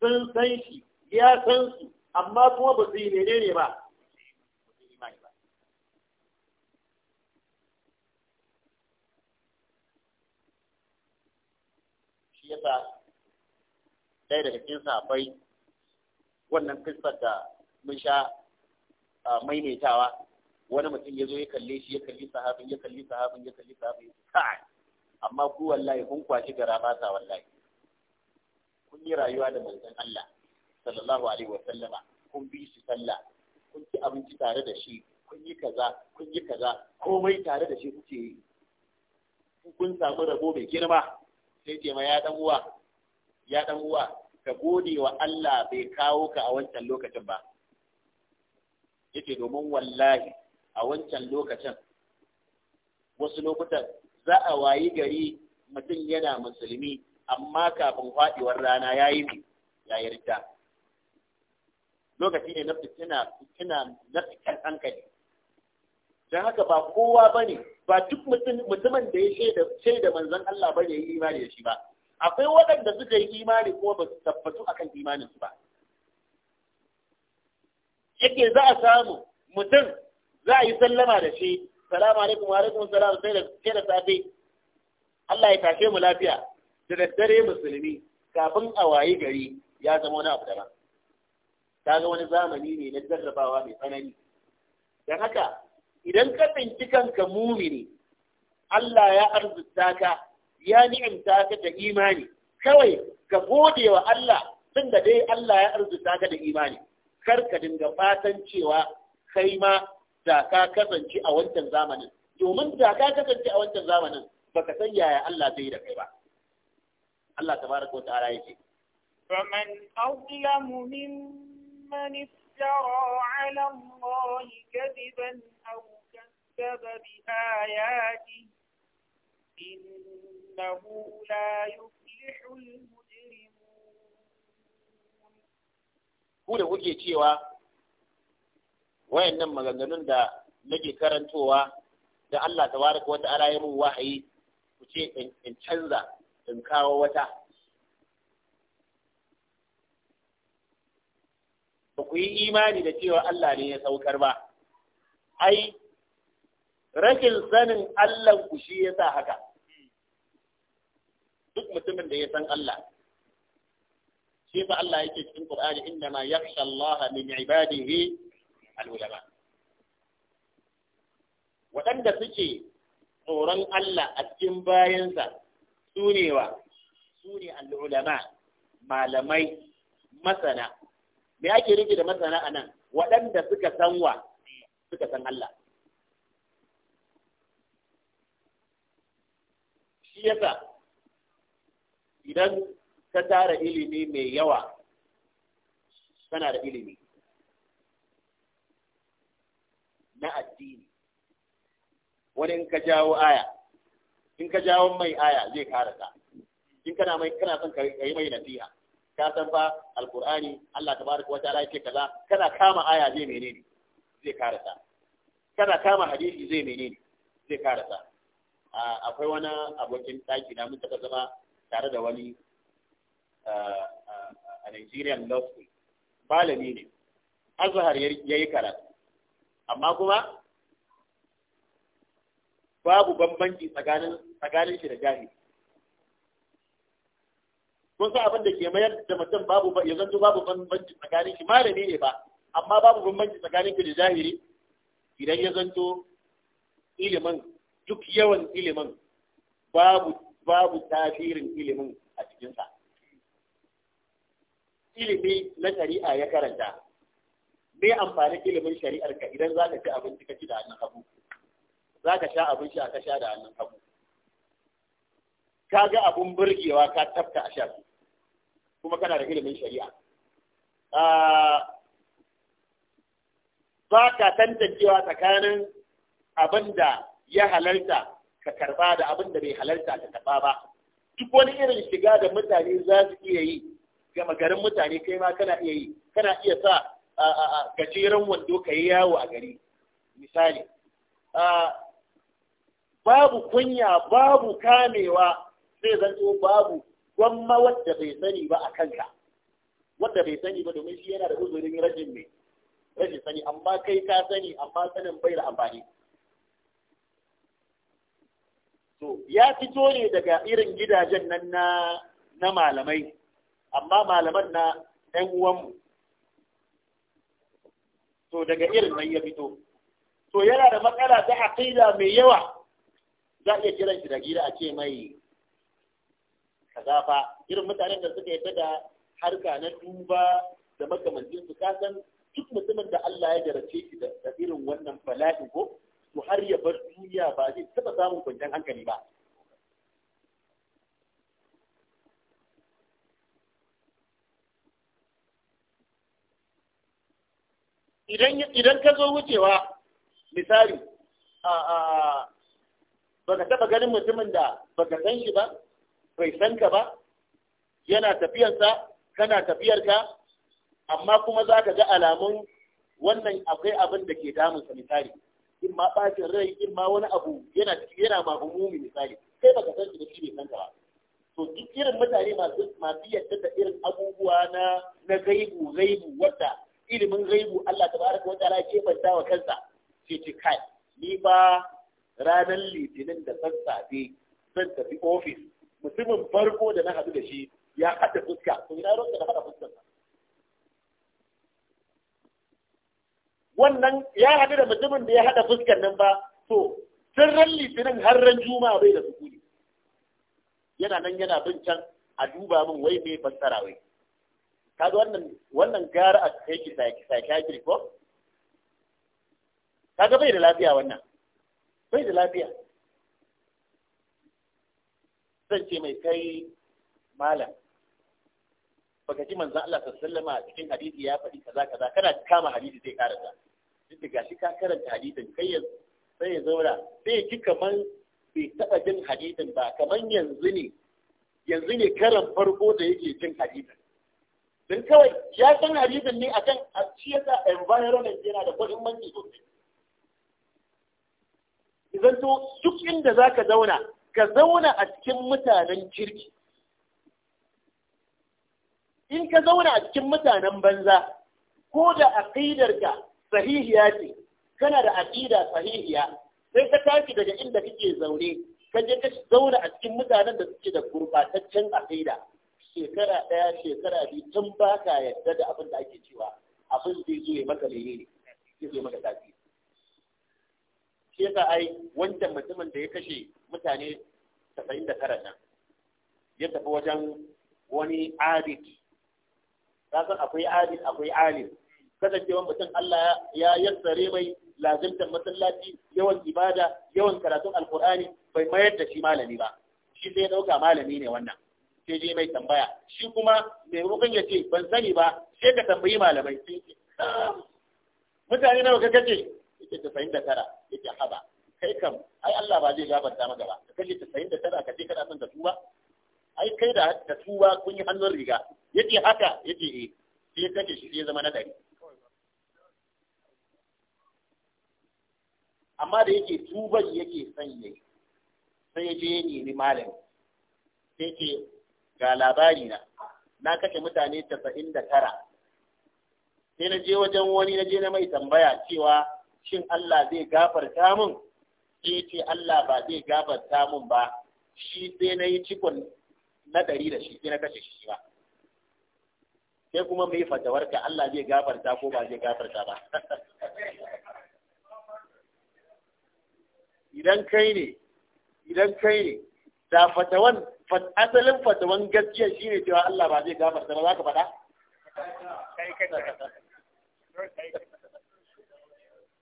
sun san shi ya san su amma kuma ba su yi ne ba shi yasa ɗaya daga cikin safai wannan kisar da mun sha ah, maimaitawa wani mutum ya zo ya kalle shi ya kalli sahabin ya kalli sahabin ya kalli sahabin ya kai amma ku wallahi kun kwashi gara ba sa wallahi kun yi rayuwa da manzon Allah sallallahu alaihi wa sallama kun bi shi sallah kun ci abinci tare da shi kun yi kaza kun yi kaza komai tare da shi kuke yi kun samu rabo mai girma sai ce ma ya dan uwa ya dan uwa ka gode wa Allah bai kawo ka a wancan lokacin ba yace domin wallahi a wancan lokacin wasu lokutan za a wayi gari mutum yana musulmi amma kafin faɗiwar rana ya yi ya yarda lokaci ne na fitina fitina na hankali don haka ba kowa ba ne ba duk mutumin da ya ce da manzan Allah ba ne yi imani da shi ba akwai waɗanda suka yi imani kuma ba su tabbatu akan imaninsu ba yake za a samu mutum za a yi sallama da shi salamu alaikum wa alaikum salam sai da ke da safe Allah ya tashe mu lafiya da daddare musulmi kafin a wayi gari ya zama wani abu daban kaga wani zamani ne na jarrabawa mai tsanani don haka idan ka tsinci kanka mumini Allah ya arzuta ka ya ni'imta ka da imani kawai ka gode wa Allah tun da dai Allah ya arzuta ka da imani kar ka dinga fatan cewa kai ma da ka kasance a wancan zamanin domin da ka kasance a wancan zamanin ba ka san yaya Allah zai yi da kai ba Allah tabaraka wa ta'ala yake faman azlamu mimman iftara ala Allah kadiban aw kazzaba bi ayati innahu la yuflihu al-mujrimun ku da kuke cewa wayannan maganganun da nake karantowa da Allah tabaraka ala ya mun wahayi ku ce in canza in kawo wata ba ku yi imani da cewa Allah ne ya saukar ba ai rashin sanin Allah ku shi ya sa haka duk mutumin da ya san Allah shi fa Allah yake cikin Qur'ani inna ma yakhsha Allah min ibadihi al'ulama waɗanda suke tsoron Allah a cikin bayansa su ne wa su ne al'ulama malamai masana me ake nufi da masana a nan waɗanda suka san wa suka san Allah shi yasa idan ka tara ilimi mai yawa kana da ilimi na addini wani in ka jawo aya in ka jawo mai aya zai kare ka in kana mai kana son ka yi mai nasiha ka san fa alqur'ani Allah tabaraka ta'ala yake kaza kana kama aya zai menene zai kare ka kana kama hadisi zai menene zai kare ka akwai wani abokin ɗaki na mun taɓa zama tare da wani a Nigerian law school malami ne azhar ya yi karatu amma kuma babu bambanci tsakanin shi da jahili kun sa abin da ke mayar da mutum babu ya zanto babu bambanci tsakanin shi malami ne ba amma babu bambanci tsakanin shi da jahili idan ya zanto ilimin duk yawan ilimin babu babu tasirin ilimin a cikinsa ilimi na shari'a ya karanta me amfani ilimin shari'ar ka idan za ka ci abinci ka ci da hannun hagu za ka sha abinci a ka sha da hannun hagu ka ga abin burgewa ka tafka a sha kuma kana da ilimin shari'a ah, ba ka tantancewa tsakanin abin da ya halarta ka karba da abin da bai halarta ka karba ba duk wani irin shiga da mutane za su iya yi ga garin mutane kai ma kana iya yi kana iya sa gajeren wando ka yi yawo a gari misali babu kunya babu kamewa zai zanto babu gwamma wadda bai sani ba a kanka wadda bai sani ba domin shi yana da uzurin rajin mai rajin sani amma kai ka sani amma sanin bai da amfani to ya fito ne daga irin gidajen nan na na malamai amma malaman na ɗan uwanmu to daga irin nan ya fito to yana da matsala ta aqida mai yawa za a iya kiran shi da gida a ce mai kazafa fa irin mutanen da suka yadda da harka na duba da makamancin su kasan duk mutumin da Allah ya jarace shi da irin wannan bala'i ko to har ya bar duniya ba zai taba samun kwanciyar hankali ba idan ka zo wucewa misali ba ka taɓa ganin mutumin da ba ka san shi ba bai san ka ba yana tafiyarsa kana tafiyarka amma kuma za ka ga alamun wannan akwai abin da ke damunsa misali in ma ɓacin rai in ma wani abu yana yana mahumumi misali sai ba ka san shi da shi bai san ka ba to duk irin mutane masu masu yadda da irin abubuwa na na gaibu gaibu wadda ilimin gaibu Allah ta baraka wa ta'ala ke banta wa kansa ce ce kai ni ba ranar litinin da sassafe zan tafi ofis mutumin farko da na haɗu da shi ya haɗa fuska to ina ruwan da haɗa fuskar wannan ya haɗu da mutumin da ya haɗa fuskan nan ba to sun ran litinin har ran juma'a bai da sukuli yana nan yana bin can a duba min wai me fassara wai kaga wannan wannan gara a kai ki sai ki sai kafiri ko kaga bai da lafiya wannan bai da lafiya zan ce mai kai malam baka ji manzon Allah sallallahu alaihi cikin hadisi ya faɗi kaza kaza kana kama hadisi zai karanta duk ga shi ka karanta hadisin kai yanzu sai ya zauna sai ya ji kaman bai taɓa jin hadisin ba kaman yanzu ne yanzu ne karan farko da yake jin hadisin don kawai ya san hadisin ne akan shi yasa environment yana da kwadin manci sosai idan to duk inda za ka zauna ka zauna a cikin mutanen kirki in ka zauna a cikin mutanen banza ko da ka sahihiya ce kana da aƙida sahihiya sai ka tashi daga inda kake zaune ka je ka zauna a cikin mutanen da suke da gurbataccen aƙida shekara ɗaya shekara biyu tun ba ka yadda da abin da ake cewa abin zai zo ya maka lele ne zai zo ya maka tafi shi yasa ai wancan mutumin da ya kashe mutane tasa'in da tara nan ya tafi wajen wani adid kasan akwai adid akwai alim kasancewar mutum Allah ya yassare mai lazimtar masallaci yawan ibada yawan karatun alkur'ani bai mayar da shi malami ba shi ya ɗauka malami ne wannan sai je mai tambaya shi kuma mai rukun ya ce ban sani ba sai ka tambayi malamai sai ce mutane nawa ka ce? yake tasa'in da tara yake haba kai kam ai Allah ba zai gabata maka ba ka kace tasa'in da tara ka ce kana son ka tuba ai kai da da tuba kun yi hannun riga yake haka yake eh sai ka ce shi zai zama na dari amma da yake tuban yake son yayi sai ya je ya nemi malami sai ce ga labari na na kashe mutane casa'in da tara sai na je wajen wani na je na mai tambaya cewa shin Allah zai gafarta min sai ce Allah ba zai gafarta min ba shi sai na yi cikon na ɗari da shi sai na kashe shi ba sai kuma mai fatawar ka Allah zai gafarta ko ba zai gafarta ba idan kai ne idan kai ne da fatawan asalin fatawan gaskiya shine cewa Allah ba zai gafarta ba za ka faɗa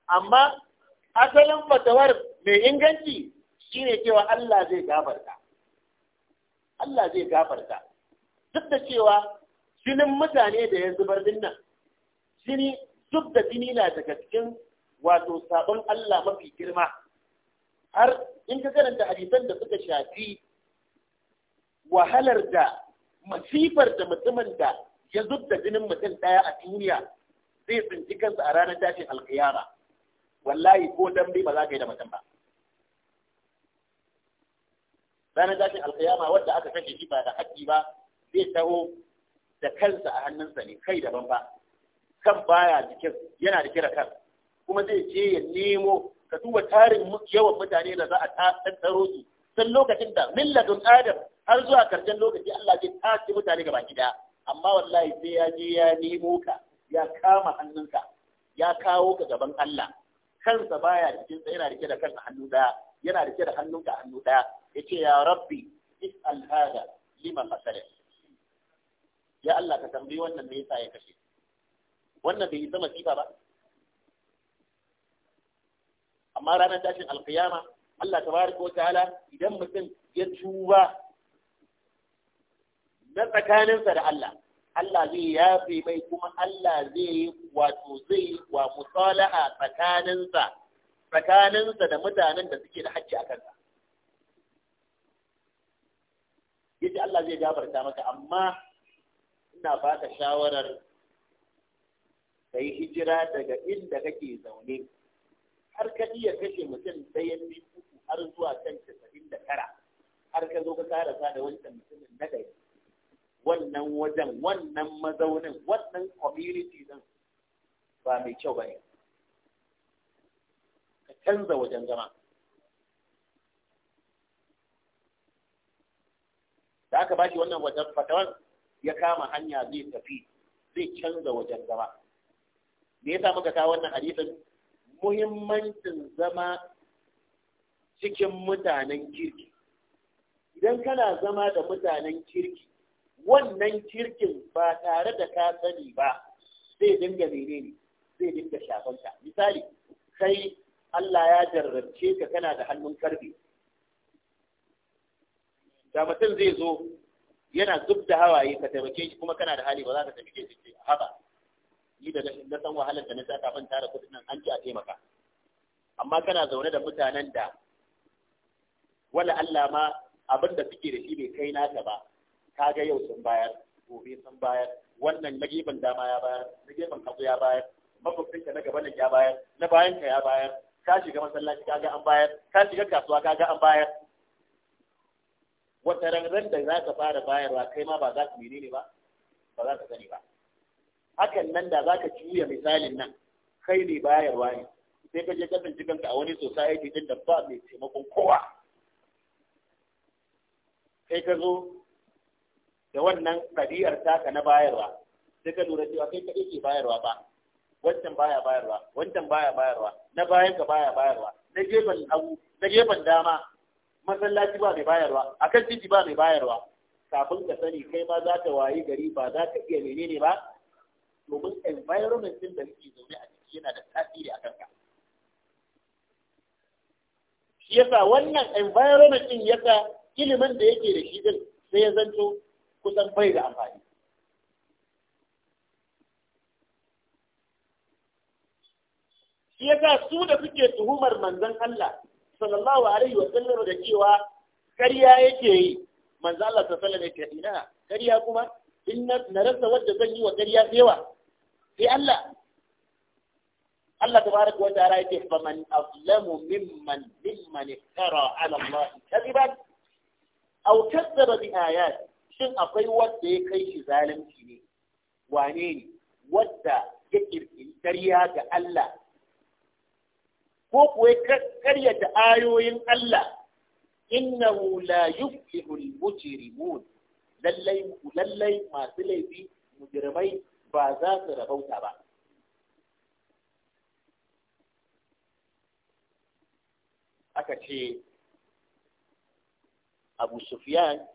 amma asalin fatawar mai inganci shine cewa Allah zai gafarta Allah zai gafarta duk da cewa jinin mutane da ya zubar dinnan jini duk da jini na daga cikin wato sabon Allah mafi girma har in ka karanta hadisan da suka shafi wahalar da masifar da mutumin da ya zub da jinin mutum ɗaya a duniya zai tsinci kansa a ranar tashin alkiyama wallahi ko dan ba za ka yi da mutum ba ranar tashin alkiyama wadda aka kashe shi ba da haƙƙi ba zai taho da kansa a hannunsa ne kai daban ba kan baya jikin yana da kira kan kuma zai je ya nemo ka duba tarin yawan mutane da za a tattaro su tun lokacin da milladun adam har zuwa karshen lokaci Allah zai tace mutane gaba gida amma wallahi sai ya je ya nemo ka ya kama hannunka ya kawo ka gaban Allah kansa baya cikin sa yana rike da kansa hannu daya yana rike da hannunka hannu daya yace ya rabbi is'al hada liman masala ya Allah ka tambayi wannan me yasa ya kashe wannan bai zama sifa ba amma ranar tashin alkiyama Allah tabaraka wa ta'ala idan mutum ya tuba na tsakaninsa da Allah Allah zai yafe mai kuma Allah zai wato zai wa musalaha tsakaninsa tsakaninsa da mutanen da suke da hajji a kansa yace Allah zai gafarta maka amma ina baka shawarar kai hijira daga inda kake zaune har ka iya kashe mutum ɗaya biyu uku har zuwa kan casa'in da tara har ka zo ka sa da wancan mutumin na gari wannan wajen wannan mazaunin wannan community din ba mai kyau ba ne ka canza wajen zama da aka bashi wannan wajen fatawar ya kama hanya zai tafi zai canza wajen zama me yasa muka kawo wannan hadisin muhimmancin zama cikin mutanen kirki idan kana zama da mutanen kirki wannan kirkin ba tare da ka sani ba zai dinga menene zai dinga shafanta misali kai Allah ya jarrabce ka kana da hannun karbe da mutum zai zo yana zub da hawaye ka taimake shi kuma kana da hali ba za ka tafi ke haba ni daga na san wahalar da na sa kafin tara kuɗin nan an ci a taimaka amma kana zaune da mutanen da wala Allah ma abin da suke da shi bai kai naka ba ka ga yau sun bayar gobe sun bayar wannan na gefen dama ya bayar na gefen hagu ya bayar makwabcinka na gaban ya bayar na bayanka ya bayar ka shiga masallaci ka ga an bayar ka shiga kasuwa ka ga an bayar wata rangar da za ka fara bayarwa kai ma ba za ka menene ba ba za ka sani ba hakan nan da za ka juya misalin nan kai ne bayarwa ne sai ka je kasan kanka a wani society din da ba mai taimakon kowa sai ka zo da wannan ɗabi'ar taka na bayarwa sai ka lura cewa kai kaɗai ke bayarwa ba wancan baya bayarwa wancan baya bayarwa na bayan ka baya bayarwa na gefen hagu na gefen dama masallaci ba mai bayarwa akan titi ba mai bayarwa kafin ka sani kai ma za ka wayi gari ba za ka iya menene ba domin environment ɗin da muke zaune a ciki yana da tasiri a kanka shi yasa wannan environment din yasa ilimin da yake da shi din sai ya zanto kusan bai da amfani shi yasa su da suke tuhumar manzon Allah sallallahu alaihi wa sallam da cewa ƙarya yake yi manzon Allah sallallahu alaihi wa sallam ƙarya kuma in na rasa wadda zan yi wa ƙarya yawa sai Allah Allah tabaraka wa ta'ala yake faman azlamu mimman mimman iftara ala Allah kadiban aw kazzaba bi ayat shin akwai wanda ya kai shi zalunci ne wane ne wanda ya kirkiri ga Allah ko kuwa ƙarya da ayoyin Allah innahu la yuflihu al-mujrimun lallai lallai masu laifi mujrimai ba za su rabauta ba aka ce abu sufyan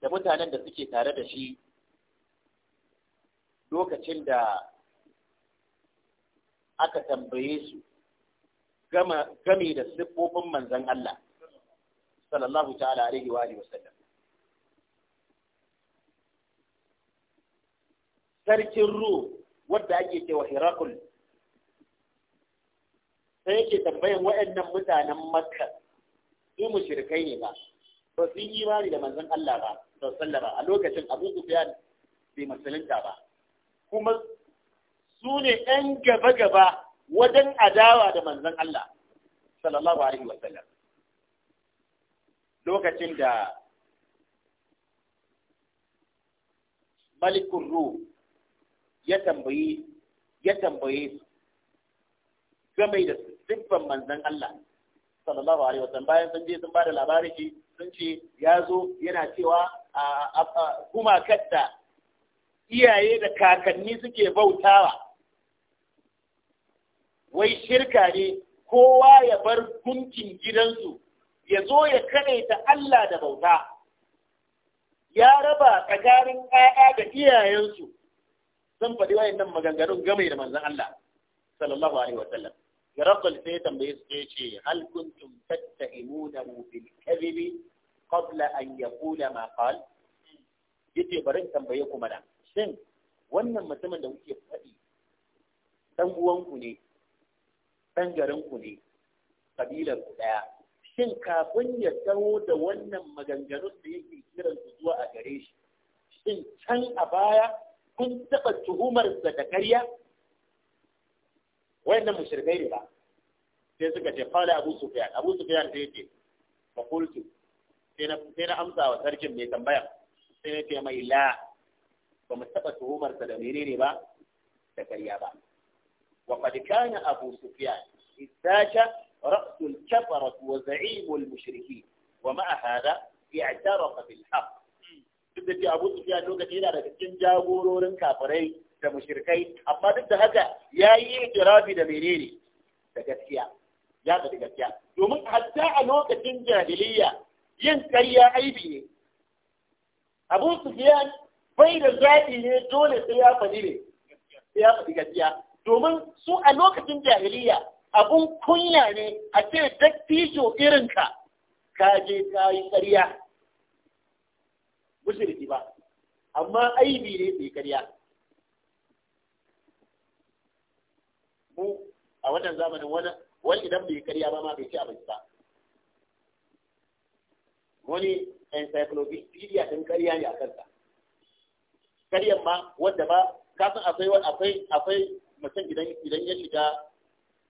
da mutanen da suke tare da shi lokacin da aka tambaye su game da siffofin Manzon Allah sallallahu ta'ala wa wasallam sarkin ru wadda ake cewa Herakul sai yake tambayan waɗannan mutanen Makka su mushrikai ne ba ba su yi imani da manzon Allah ba da sallama a lokacin Abu Sufyan bai musulunta ba kuma su ne ɗan gaba-gaba wajen adawa da manzon Allah sallallahu alaihi wasallam lokacin da malikun Ruh ya tambaye ya tambaye su game da siffan manzon Allah sallallahu alaihi wasallam bayan sun je sun bada labarin shi sun ce ya zo yana cewa kuma kadda iyaye da kakanni suke bautawa wai shirka ne kowa ya bar gunkin gidansu ya zo ya kadaita Allah da bauta ya raba tsakanin 'ya'ya da iyayensu zan faɗi wayannan maganganun game da manzan Allah sallallahu alaihi sallam. Yaraqal sai tambaye su sai ce hal kuntum tattahimunahu bil kadhibi qabla an yaqula ma qal yace bari in tambaye ku mana shin wannan mutumin da kuke faɗi dan uwanku ne dan garinku ne kabilar ku daya shin kafin ya taho da wannan maganganun da yake kiran su zuwa a gare shi shin can a baya kun taɓa tuhumarsa da ƙarya wayannan mushrikai ne ba sai suka ce fala abu sufyan abu sufyan sai ce fa qultu sai na sai na amsa wa sarkin mai tambaya sai na ce mai la ba mu taɓa tuhumarsa da menene ba da ƙarya ba wa qad kana abu sufyan istaja ra'sul kafarati wa za'imul mushrikin wa ma'a hada i'tarafa bil haqq da cewa Abu Sufyan lokaci yana daga cikin jagororin kafirai da mushrikai amma duk da haka ya yi jirafi da menene da gaskiya ya faɗi gaskiya domin hatta a lokacin jahiliya yin karya aibi ne Abu fiya bai da zaɓi ne dole sai ya faɗi ne sai ya faɗi gaskiya domin su a lokacin jahiliya abun kunya ne a ce dattijo irinka ka je ka yi karya mushriki ba amma aibi ne bai karya mu a wannan zamanin wani wani idan bai karya ba ma bai ci abinci ba wani encyclopedia din karya ne a kansa karyan ma wanda ba kafin akwai akwai akwai mutum idan idan ya shiga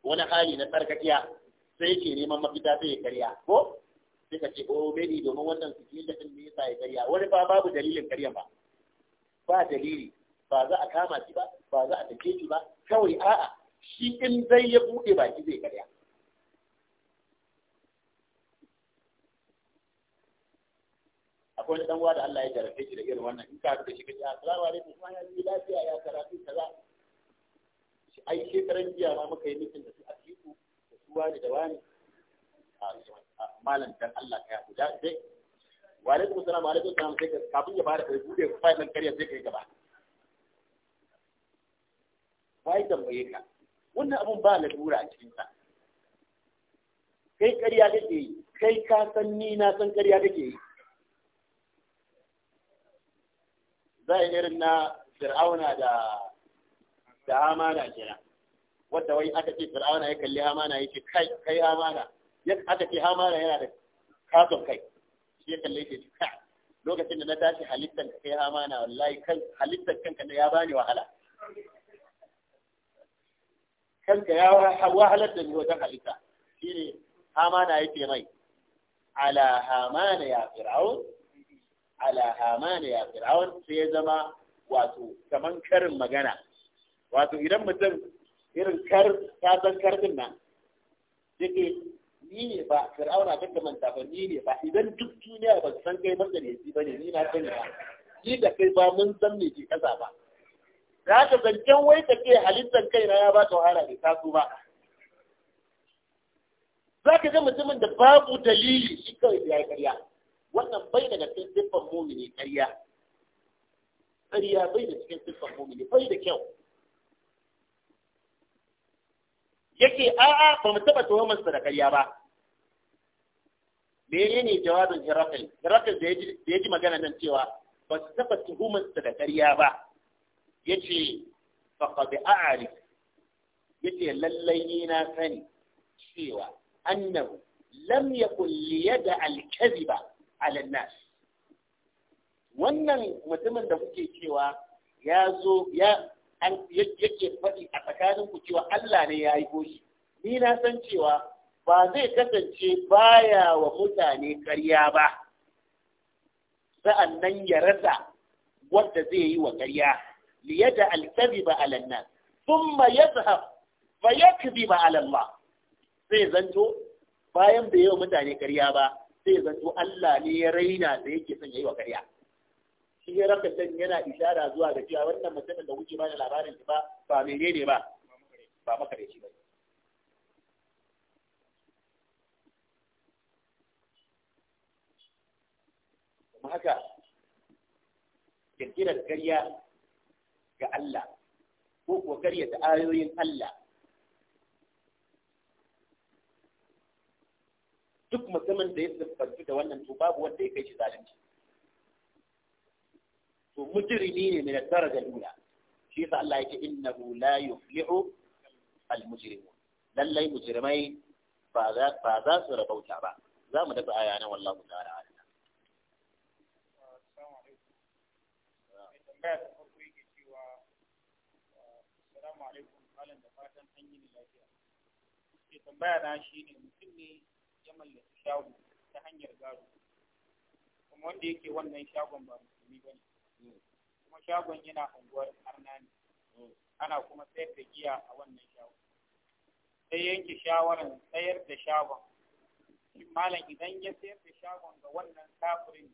wani hali na tsarkakiya sai ke neman mafita sai ya karya ko suka ka ce o oh, maybe domin wannan sujud din ne yasa ya karya wani ba babu dalilin karya ba ba dalili ba za a kama shi ba ba za a take shi ba kawai a'a shi in zai ya bude baki zai karya akwai wani dan da Allah ya jarabe shi da irin wannan in ka da shi kace assalamu alaikum kuma ya ji lafiya ya karatu kaza shi ai shekaran jiya ma muka yi mutum da su a tiku da su wani da wani a malam dan Allah ka yafi dai wa alaikum salam wa alaikum salam sai kafin ya fara kai bude fayil din kariya sai kai gaba wai tambaye ka wannan abun ba lalura a cikin sa kai kariya kake yi kai ka san ni na san kariya kake yi za a irin na fir'auna da da amana kenan Wanda wai aka ce fir'auna ya kalli amana yake kai kai amana ya aka ce hamana yana da katon kai shi ya kalle shi ka lokacin da na tashi halittan kai hamana wallahi kan halittan kanka ne ya bani wahala kanka ya wahalar da ni wajen halitta shi ne hamana ya ce mai ala hamana ya fir'aun ala hamana ya fir'aun sai ya zama wato kaman karin magana wato idan mutum irin kar ta san kar din nan yake ni ne ba fir'auna duk da manta ni ne ba idan duk duniya ba san kai masa ne ba ne ni na sani ba ni da kai ba mun san me ke kasa ba za ka zancen wai ka ce halittar kai na ya ba ta wahala bai su ba za ka ga mutumin da babu dalili shi kawai ya yi karya wannan bai daga cikin siffar mumini karya karya bai da cikin siffar mumini bai da kyau yake a'a ba mu taba tuhumar sa da ƙarya ba menene jawabin Herakl Herakl da ya ji magana nan cewa ba su taba tuhumar sa da ƙarya ba yace faqad a'rif yace lallai ni na sani cewa annahu lam li yada al-kadhiba ala nas wannan mutumin da kuke cewa ya zo ya yake faɗi a tsakanin ku cewa Allah ne ya yi shi ni na san cewa ba zai kasance baya wa mutane karya ba sa'an nan ya rasa wanda zai yi wa ƙarya liyada alkaziba ala nas thumma yazhab fa yakziba ala Allah sai zanto bayan bai yi wa mutane karya ba sai zanto Allah ne ya raina da yake son ya yi wa ƙarya shi ya raka can yana isara zuwa da cewa wannan mutumin da ba bada labarin shi ba ba menene ba ba makareci ba kuma haka kirkirar karya ga Allah ko kuwa da ayoyin Allah duk mutumin da ya siffanci da wannan to babu wanda ya kai shi zalunci ومجرمين من الدرجة الأولى شيخ الله يقول إنه لا يفلح المجرمون لن لي مجرمي فذا سورة بوتا با ذا مدفع آيانا والله تعالى السلام عليكم السلام عليكم السلام عليكم أهلا بفاتن حنين الله في تنبايا ناشيني مكني جمال يتشاوه تحنجر قادو ومون ديكي وانا يشاوه مبارك kuma shagon yana unguwar arna ne ana kuma sayar da giya a wannan shagon sai yanke shawarar sayar da shagon malam idan ya sayar da shagon ga wannan kafirin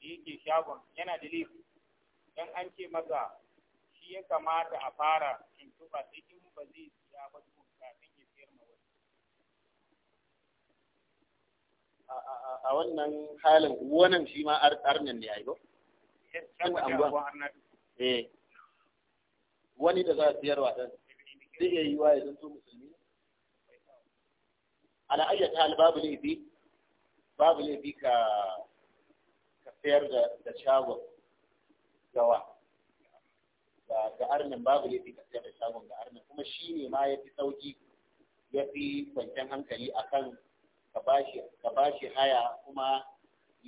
da yake shagon yana da laifi Dan an ce masa shi ya kamata a fara tuntuɓa sai in ba zai siya ba tukun kafin ya sayar ma wani. A wannan halin wannan shi ma arnan ne ya yi ba? Eh. wani da za a siyarwa ɗan zai iya yi wa ya zanto musulmi ala ayyata ta babu laifi babu laifi ka ka da shagon gawa ga ga arnin babu laifi ka sayar da shagon ga arnin kuma shi ne ma ya fi sauki ya fi kwanciyar hankali akan ka ka bashi haya kuma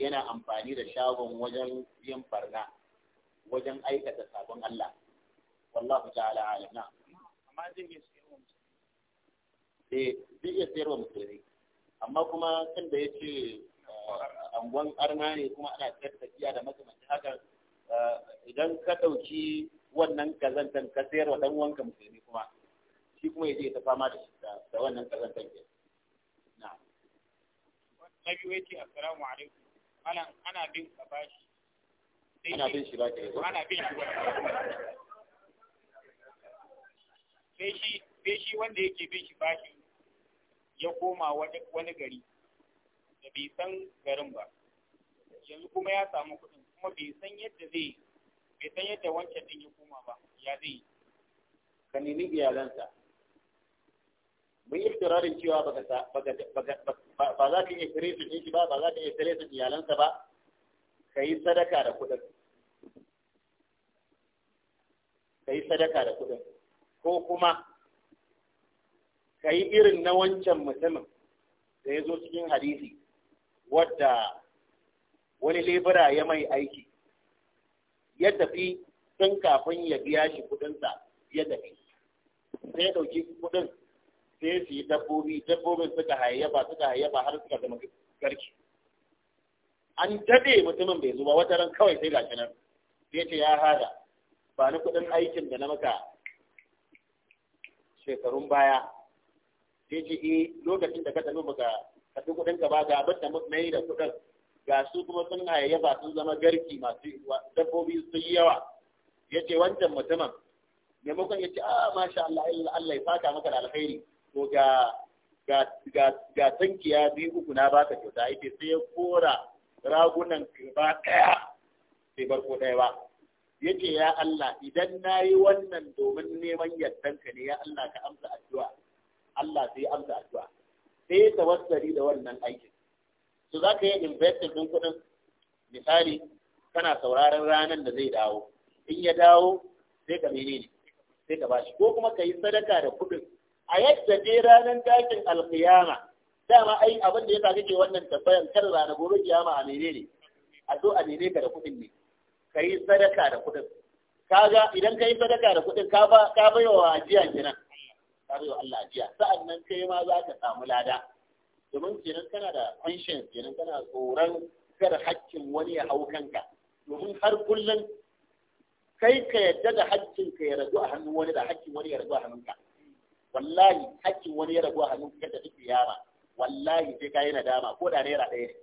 yana amfani da shagon wajen yin farna wajen aikata sabon Allah wallahu ta'ala alamna amma zai iya sayarwa musulmi eh, zai iya sayarwa musulmi amma kuma kan da ya ce eh, angon arna ne kuma ana sayar da makamanci haka eh, idan ka ɗauki wannan kazantan ka sayar wa ɗan wanka musulmi kuma shi kuma ya je ta fama da da wannan kazantan ke na biyu ya ce assalamu alaikum ana bin ka bashi ana bin shi baki ana bin shi sai shi sai shi wanda yake bin shi bashi ya koma wani gari da bai san garin ba yanzu kuma ya samu kuɗin kuma bai san yadda zai bai san yadda wancan din ya koma ba ya zai ka nemi iyalansa mun yi iftirarin cewa ba za ka iya kire su shi ba ba za ka iya kire su iyalansa ba ka yi sadaka da kuɗin ka yi sadaka da kuɗin ko kuma ka yi irin na wancan mutumin da ya zo cikin hadisi wadda wani lebura ya mai aiki ya tafi tun kafin ya biya shi kuɗinsa ya tafi sai ya ɗauki kuɗin sai su yi dabbobi dabbobin suka hayayyafa suka hayayyafa har suka zama garki an daɗe mutumin bai zuba wata ran kawai sai gashi nan sai ce ya hada ba ni kuɗin aikin da na maka shekarun baya sai ce eh lokacin da ka tafi baka tafi kudin ka ba ga abin da na yi da kuɗin ga su kuma sun hayayyafa sun zama garki masu dabbobi sun yi yawa ya ce wancan mutumin maimakon ya ce a ah, masha Allah Allah ya saka maka da alkhairi ko ga ga tankiya biyu uku na baka kyauta ita sai ya kora ragunan ba ɗaya sai barko ɗaya ba yace ya Allah idan na yi wannan domin neman ka ne ya Allah ka amsa addu'a Allah sai amsa addu'a sai tawassari da wannan aikin to za ka yi investment ɗin kuɗin misali kana sauraron ranar da zai dawo in ya dawo sai ka menene sai ka bashi ko kuma ka yi sadaka da kuɗin a yadda dai ranar tashin alkiyama dama ai abin da ya sa kake wannan tabbayan kar ranar gobe kiyama a menene a zo a nene ka da kuɗin ne ka yi sadaka da kuɗin kaga idan ka yi sadaka da kuɗin ka ba ka bai wa ajiya kenan ka bai wa Allah ajiya sa'an nan kai ma za ka samu lada domin kenan kana da conscience kenan kana tsoron kar haƙƙin wani ya hau kanka domin har kullum kai ka yadda da haƙƙin ka ya ragu a hannun wani da haƙƙin wani ya ragu a hannunka wallahi hakkin wani ya ragu a hannun ka da duk yara wallahi sai kai dama ko da naira ɗaya ne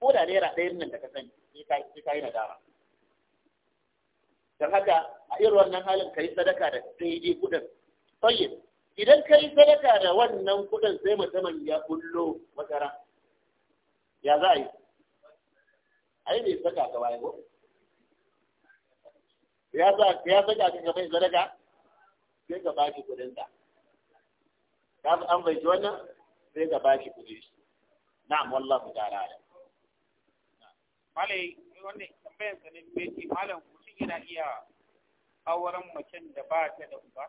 ko da naira ɗaya nan da ka sani sai kai dama? don haka a irin wannan halin kai sadaka da daidai kudin tsayin idan kai sadaka da wannan kudin sai mutumin ya kullo makara. ya za a yi ai ne saka ka waye ko ya saka ka kai sadaka sai ka ba shi ka an bai wannan sai ka ba shi kuɗi na'am wallahu tara da malai wannan tambayar sa ne me malam mutum yana iya auren macen da ba ta da uba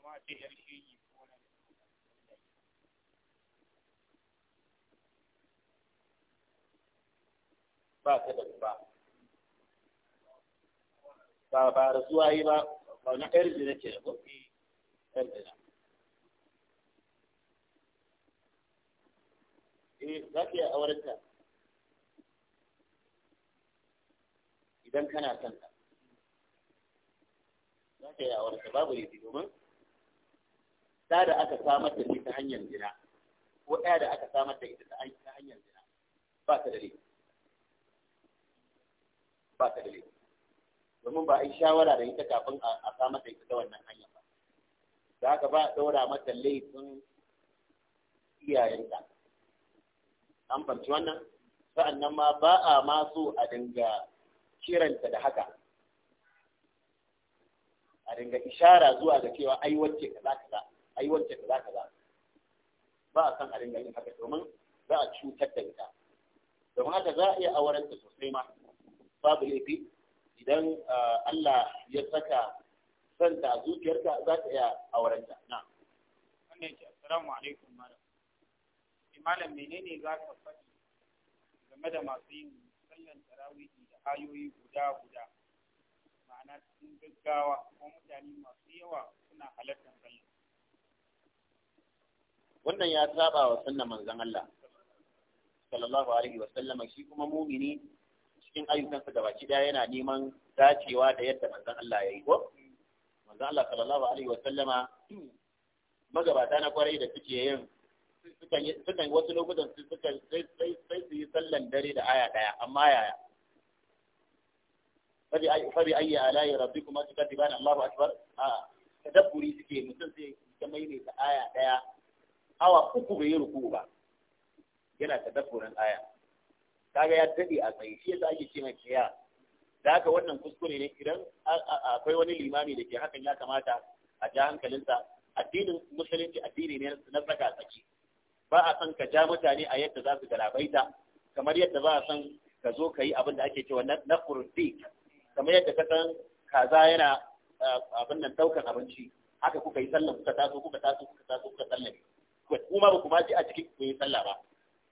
kuma ce yar ba ta da uba ba ba rasuwa yi ba kauna ɗayar zina ce da ko ɗayar zina eh za ka iya aurenta idan kana son ta za ka iya aurenta babu laifi domin ta da aka samar da shi ta hanyar zina ko ɗaya da aka samar da ita ta hanyar zina ba ta da laifi ba ta da laifi domin ba a yi shawara da ita kafin a sa mata ita ta wannan hanya ba da haka ba a ɗora mata laifin iyayenta an fahimci wannan sa'annan ma ba a ma so a dinga kiranta da haka a dinga ishara zuwa ga cewa ai wacce kaza kaza ai wacce ka za ba a san a dinga yin haka domin za a cutar da ita domin haka za a iya auren ta sosai ma babu laifi idan ah, Allah ya saka san a zuciyarka za ta iya aurenta na wannan yake assalamu alaikum malam malam menene za ka faɗi game da masu yin sallan tarawihi da ayoyi guda guda ma'ana cikin gaggawa ko mutane masu yawa suna halartar sallan wannan ya saba wa sunnan manzon Allah sallallahu alaihi wa sallama shi kuma mumini cikin ayyukansa da baki daya yana neman dacewa da yadda manzon Allah ya yi ko manzon Allah sallallahu alaihi wa sallama magabata na kwarai da suke yin sukan wasu lokutan sai su yi sallan dare da aya daya amma yaya fabi ayi alayi rabbi kuma su ka bani Allahu akbar a tadabburi suke mutum sai ya maimaita aya daya Hawa uku bai yi ruku ba yana tadabburin aya kaga ya dade a tsaye shi yasa ake ce mai qiyas da haka wannan kuskure ne idan akwai wani limami da ke hakan ya kamata a ja hankalinsa addinin musulunci addini ne na tsaka tsaki ba a san ka ja mutane a yadda za su galabaita kamar yadda ba a san ka zo ka yi abin da ake cewa na kurdi kamar yadda ka san kaza yana abin nan daukan abinci haka kuka yi sallah kuka taso kuka taso kuka taso kuka tsallake kuma ba kuma ji a cikin ku yi sallah ba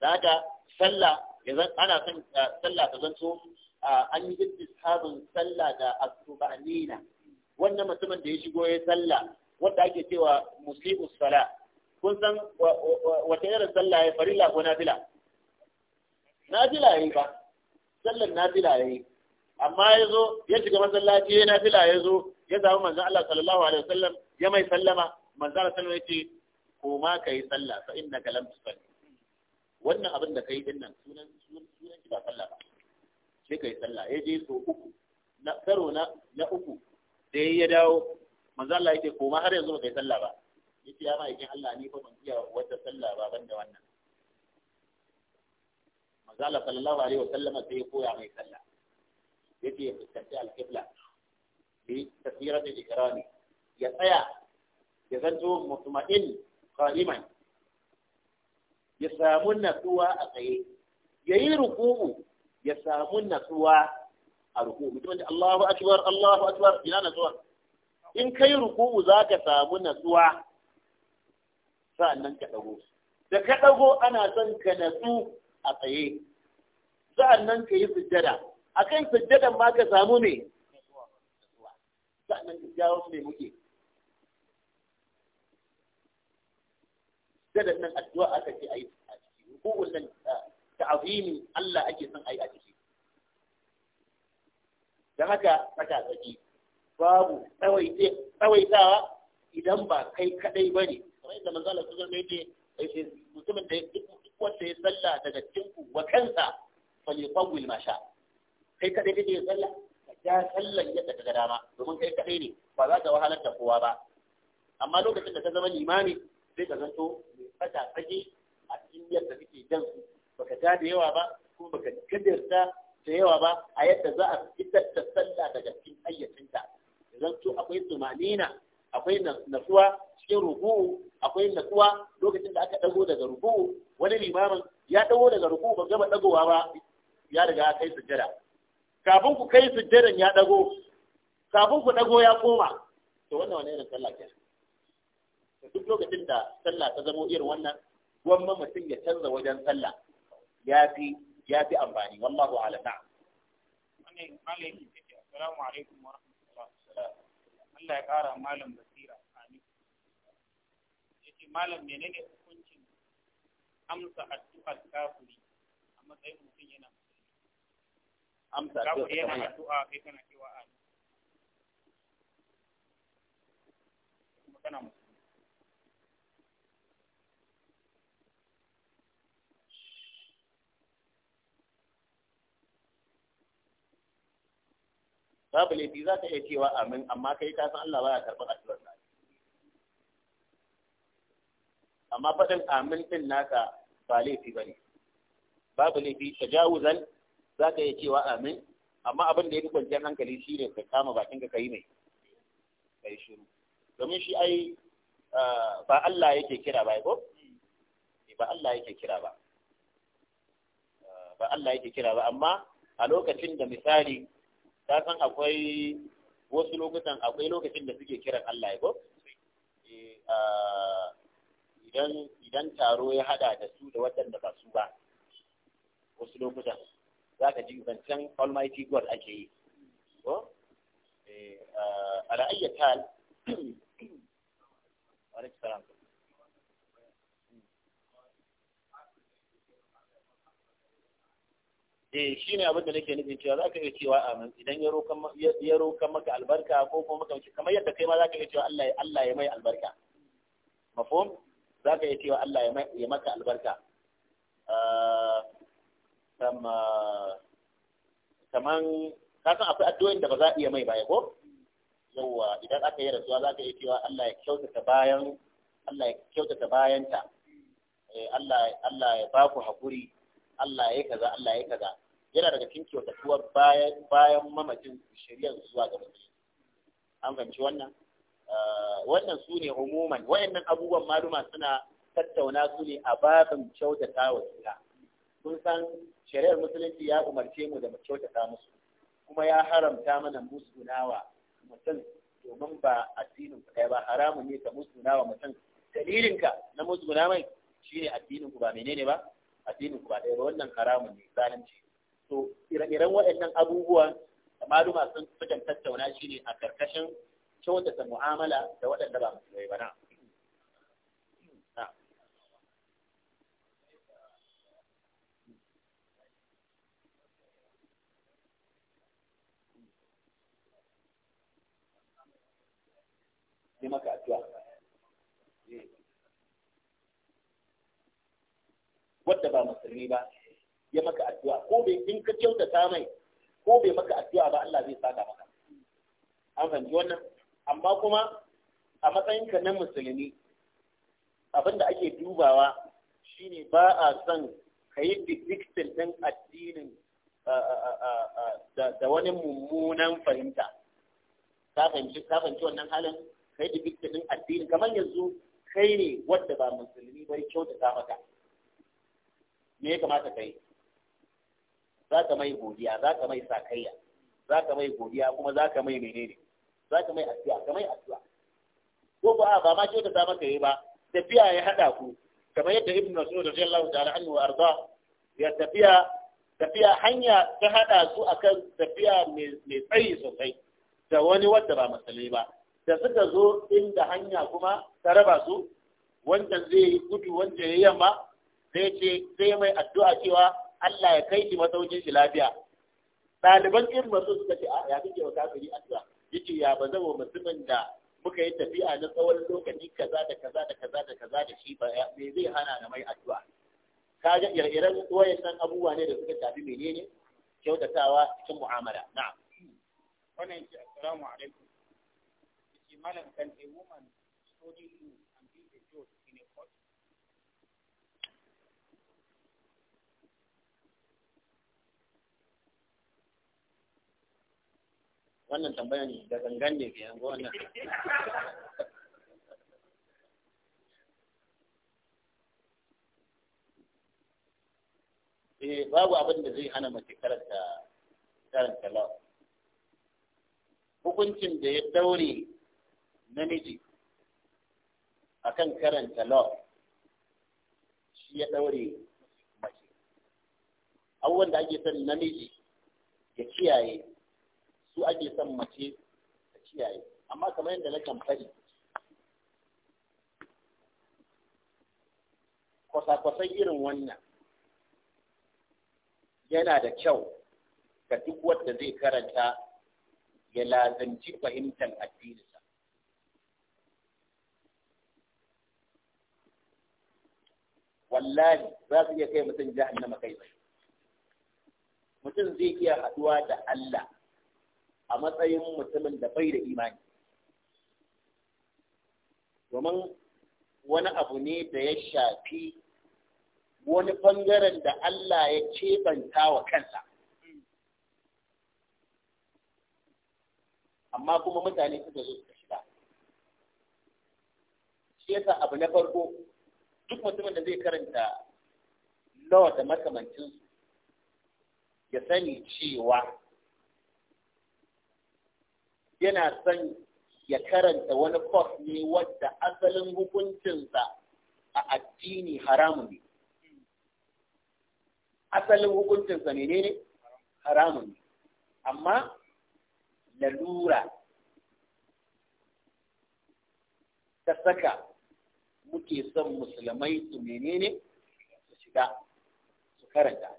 da haka sallah yanzu ana son uh, sallah ta zanto uh, an yi istishabin sallah da asubanina wannan mutumin da ya shigo ya sallah wanda ake cewa musibu sala kun san wata irin sallah ya farilla ko nafila nafila yayi ba sallan nafila yayi amma ya zo ya shiga masallaci ya nafila ya zo ya zama manzon Allah sallallahu alaihi wasallam ya mai sallama manzon Allah sallallahu alaihi wasallam ya ce ko ma kai sallah fa innaka lam tusalli wannan abin da kai din nan sunan sunan shi ba sallah ba sai kai sallah ya je so uku na karo na na uku sai ya dawo manzo Allah yake ko ma har yanzu ba kai sallah ba yace ya yake Allah ni fa ban iya wata sallah ba banda wannan manzo Allah sallallahu alaihi wasallam sai ya koya mai sallah yace ya fuskanci al-qibla bi tasiratul ikrami ya tsaya ya zanto mutumain qaliman ya samu natsuwa a tsaye ya yi ruku'u ya samu natsuwa a ruku'u mutum da Allahu akbar Allahu akbar ina natsuwa in kai ruku'u za ka samu natsuwa sa'annan ka dago da ka dago ana son ka natsu a tsaye sa'annan ka yi sujjada akan sujjadan ma ka samu me sa'annan ka jawo me muke da nan addu'a aka ce yi a ciki hukukun nan ta'azimin Allah ake son yi a ciki dan haka saka tsaki babu tsawaitawa idan ba kai kadai bane kamar yadda manzo Allah sallallahu alaihi wasallam yake mutumin da duk wanda ya salla daga cikin wa kansa ma sha. kai kadai kake yin salla ya sallan yadda daga dama domin kai kadai ne ba za ka wahalar da kowa ba amma lokacin da ka zama limami sai ka zanto mai fata fage a cikin yadda kake jan su baka ta da yawa ba kuma baka kadarta da yawa ba a yadda za a fitar da sallah daga cikin ayyacinta idan to akwai tumanina akwai natsuwa cikin ruku'u akwai natsuwa lokacin da aka dago daga ruku'u wani limamin ya dago daga ruku'u ba gaba dagowa ba ya riga kai sujjada kafin ku kai sujjadan ya dago kafin ku dago ya koma to wannan wani irin sallah kenan duk lokacin da sallah ta zamo irin wannan gwamma mutum ya canza wajen sallah ya fi ya fi amfani wallahu ala na'am wannan malaikin take assalamu alaikum wa rahmatullahi Allah ya kara malam basira amin yace malam menene hukuncin amsa addu'a kafiri a matsayin mutum yana amsa addu'a yana addu'a kai kana cewa amin kana babu laifi za ka iya cewa amin amma kai ka san Allah baya karɓar addu'ar ka amma faɗin amin din naka ba laifi ba ne babu laifi tajawuzan za ka iya cewa amin amma abin da ya fi kwanciyar hankali shi ne ka kama bakin ka kai mai kai shiru domin shi ai ba Allah yake kira ba ko eh, ba Allah yake kira ba ba Allah yake kira ba amma a lokacin da misali ka san akwai wasu lokutan akwai lokacin da suke kiran Allah ko eh, ah, idan idan taro ya hada da su da waɗanda ba su ba wasu lokutan za ka ji zancen almighty god ake yi ko eh, ala ah, ayyata alaikum salam eh shi ne abin da nake nufin cewa za ka iya cewa amin idan ya roƙa maka albarka ko kuma maka kamar yadda kai ma za ka iya cewa Allah ya Allah ya mai albarka mafhum za ka iya cewa Allah ya ya maka albarka ah, kaman ka san akwai addu'o'in da ba za a iya mai baya ko yawa idan aka yi rasuwa za ka iya cewa Allah ya kyautata bayan Allah ya kyautata bayanta eh, Allah Allah ya ku hakuri Allah ya kaza Allah ya kaza yana daga cikin kyautatuwa bayan bayan mamacin shari'ar zuwa ga musulmi an fahimci wannan eh, wannan su ne umuman wayannan abubuwan maluma suna tattauna su ne a babin kyautata wa juna kun san shari'ar musulunci ya umarce mu da mu kyautata musu kuma ya haramta mana musunawa mutum domin ba addinin ku ɗaya ba haramun ne ka musunawa mutum dalilinka na musguna mai shine addinin ku ba menene ba addinin ku ba ɗaya ba wannan haramun ne zalunci to ire-iren waɗannan abubuwa da maluma sun sukan tattauna shi ne a karkashin kyautata mu'amala da waɗanda ba musulmai ba na. maka addu'a. Eh. Wadda ba musulmi ba, ya maka addu'a ko bai in ka ta mai ko bai maka addu'a ba Allah zai saka maka an fahimci wannan amma kuma a matsayin ka na musulmi abin da ake dubawa shine ba a son ka yi diktin ɗin addinin da wani mummunan fahimta ka fahimci wannan halin ka yi diktin ɗin addini kamar yanzu kai ne wadda ba musulmi bai ta maka me ya kamata ka yi za ka mai godiya za ka mai sakayya za ka mai godiya kuma za ka mai menene za ka mai addu'a ka mai addu'a ko ba ba ma ce ta maka yi ba tafiya ya hada ku kamar yadda ibn mas'ud radiyallahu ta'ala anhu arda ya tafiya tafiya hanya ta hada su akan tafiya mai tsayi sosai da wani wanda ba musulmi ba da suka zo inda hanya kuma ta raba su wanda zai gudu wanda ya yamma sai ce sai mai addu'a cewa Allah ya kai shi masaukin shi lafiya ɗaliban irin masu suka ce ya kike wa kafiri addu'a yace ya ba zama mutumin da muka yi tafiya na tsawon lokaci kaza da kaza da kaza da kaza da shi ba me zai hana na mai addu'a kaga ire-iren wayannan abubuwa ne da suka tafi menene kyautatawa cikin mu'amala na'am wannan yake assalamu alaikum yake malam kan a woman study wannan tambaya ne da gangan ne ke yanzu wannan eh babu abin da zai hana mace karanta karanta law hukuncin da ya daure namiji akan karanta law shi ya daure mace abubuwan da ake son namiji ya kiyaye su ake son mace a kiyaye amma kamar yadda na kamfani. kwasa-kwasan irin wannan yana da kyau ga duk wanda zai karanta ya lazanci fahimtar addininsa wallahi za su iya kai mutum jahannama kai mutum zai iya haɗuwa da Allah a matsayin mutumin da bai da imani domin wani abu ne da ya shafi wani bangaren da Allah ya cebanta wa kansa amma kuma mutane suka zo suka shiga shi yasa abu na farko duk mutumin da zai karanta lawa da makamancinsu ya sani cewa yana son ya karanta wani kwas ne wadda asalin hukuncinsa a addini haramun ne. Asalin hukuncinsa ne ne haramun ne, amma lalura ta saka muke son musulmai su menene su shiga su karanta.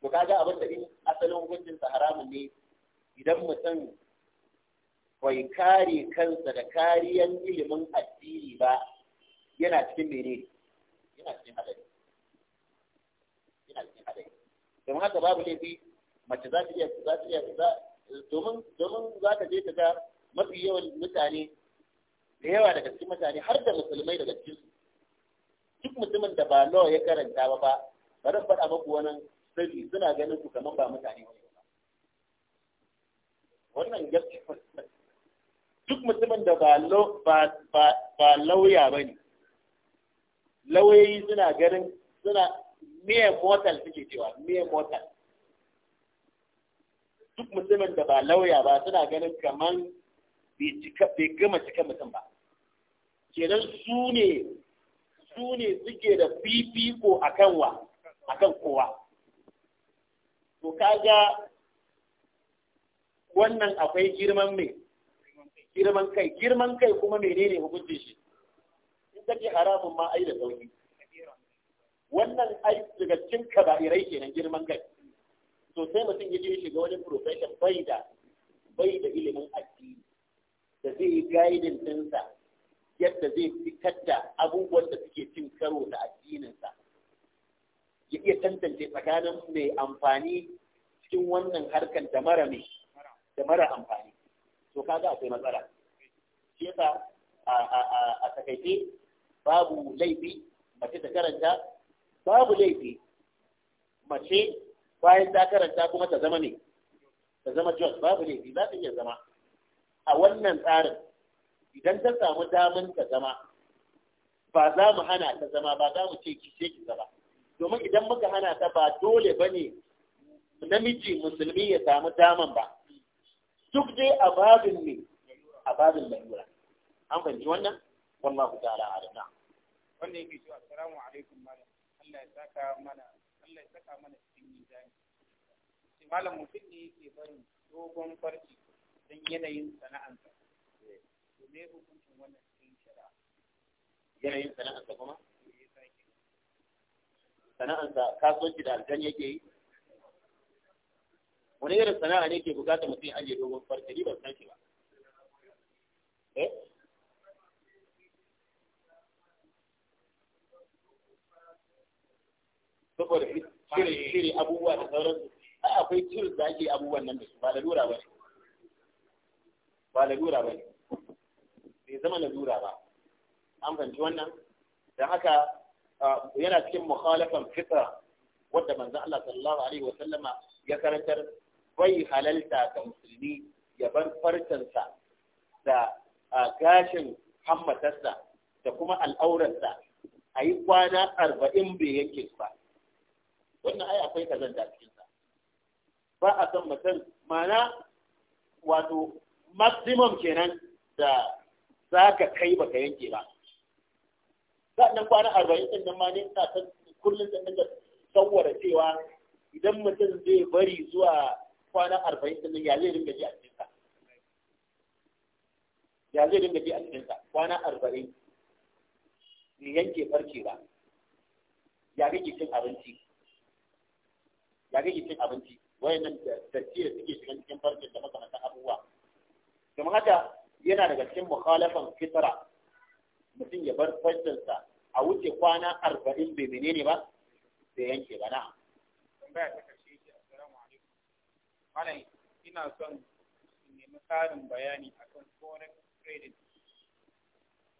Ko kaga abin da asalin hukuncinsa haramun ne idan mutum bai kare kansa da kariyan ilimin addini ba yana cikin mene yana cikin hadari yana cikin hadari domin haka babu laifi mace za ta iya za ta iya domin domin za ta je ta ga mafi yawan mutane da yawa daga cikin mutane har da musulmai daga cikin su duk mutumin da ba law ya karanta ba ba bari faɗa muku wannan sirri suna ganin su kamar ba mutane ba wannan gaskiya duk mutumin da ba lauya ba ne lauyoyi suna ganin suna mere mortal suke cewa mere mortal duk mutumin da ba lauya ba suna ganin kaman bai gama cika mutum ba kenan su ne su ne suke da fifiko a kan wa a kan kowa to kaga wannan akwai girman mai girman kai girman kai kuma menene hukuncin shi in kace haramun ma ai da sauki wannan ai daga cikin kaba'irai kenan girman kai to sai mutum ya je shiga wani profession bai da bai da ilimin addini da zai yi guiding dinsa yadda zai fitar da abubuwan da suke cin karo da addininsa ya iya tantance tsakanin mai amfani cikin wannan harkar da mara mai da mara amfani to kaga akwai matsala shi yasa a takaice babu laifi mace ta karanta babu laifi mace bayan ta karanta kuma ta zama ne ta zama jos babu laifi za ta iya zama a wannan tsarin idan ta samu daman ta zama ba za mu hana ta zama ba za mu ce ki ce ki zama domin idan muka hana ta ba dole ba ne namiji musulmi ya samu daman ba duk dai a babin ne a babin lalura an fahimci wannan Wannan wallahu ta'ala alama wanda yake cewa assalamu alaikum malam Allah ya saka mana Allah ya saka mana cikin mizani shi malam mutum ne yake barin dogon farki don yanayin sana'ansa to me hukuncin wannan cikin shara yanayin sana'ansa kuma eh, sana'ansa kasuwanci da aljan yake yi wani irin sana'a ne ke bukatar mutum ajiye dogon farce ni ban san shi ba eh saboda shirin shiri abubuwa da sauransu ai akwai tools da ake abubuwan nan da su ba da lura ba ne ba da lura ba ne bai zama lura ba an fahimci wannan don haka yana cikin mukhalafan fitra wadda manzo Allah sallallahu alaihi wa sallama ya karantar bai halalta ga musulmi ya bar farcensa da gashin hammatarsa da kuma al'aurarsa a yi kwana arba'in bai yanke ba wannan ai akwai kazanta cikinsa ba a san mutum mana wato maximum kenan da za ka kai baka yanke ba ɗan kwana arba'in ɗin nan ma ne ta kullum da tsawara cewa idan mutum zai bari zuwa kwana arba'in din ya zai ringa ji a cikinsa ya zai ringa ji a cikinsa kwana arba'in ni yanke farce ba ya kake cin abinci ya kake cin abinci wayannan nan da suke shiga cikin farce da makamantan abubuwa kuma haka yana daga cikin mukhalafan fitara mutum ya bar farcensa a wuce kwana arba'in bai menene ba da yanke ba na'am Malam ina son in nemi ƙarin bayani akan forex trading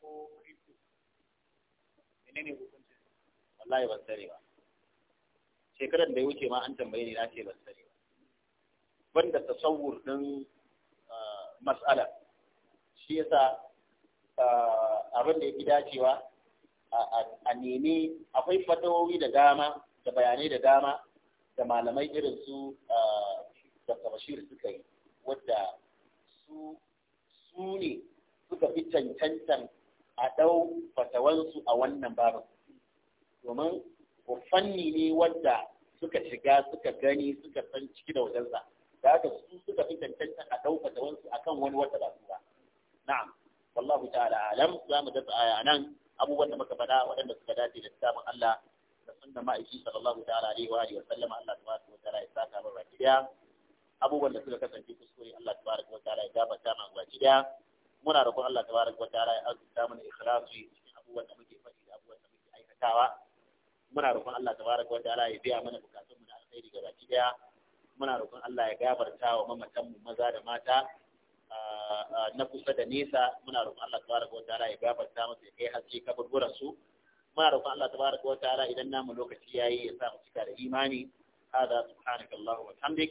ko crypto. ne hukuncin? Wallahi ban sani ba. Shekarar da ya wuce ma an tambaye ni na ce ban sani ba. Banda tasawur ɗin matsala shi yasa abin da ya fi dacewa a nemi akwai fatawowi da dama da bayanai da dama da malamai irin su Dr. Bashir suka yi wadda su ne suka fi cancantan a ɗau fatawansu a wannan babin domin fanni ne wadda suka shiga suka gani suka san ciki da wajensa da haka su suka fi cancantan a ɗau fatawansu a kan wani wadda ba su ba na'am wallahu ta'ala alam za mu dafa aya nan abubuwan da muka faɗa waɗanda suka dace da kitabin Allah da sunna ma'aiki sallallahu ta'ala alaihi wa alihi wa sallama Allah tabaraka wa ta'ala ya saka mu baki daya abubuwan da suka kasance kuskure Allah tabaraka wataala ya gabata mana gaba daya muna roƙon Allah tabaraka wataala ya azurta mana ikhlasi cikin abubuwan da muke faɗi da abubuwan da muke aikatawa muna roƙon Allah tabaraka wataala ya biya mana bukatun mu da alkhairi ga baki daya muna roƙon Allah ya gafarta wa mamatan mu maza da mata na kusa da nesa muna roƙon Allah tabaraka wataala ya gafarta musu ya kai haske kaburburan su muna roƙon Allah tabaraka wataala idan namu lokaci yayi ya sa mu cika da imani هذا سبحانك اللهم وبحمدك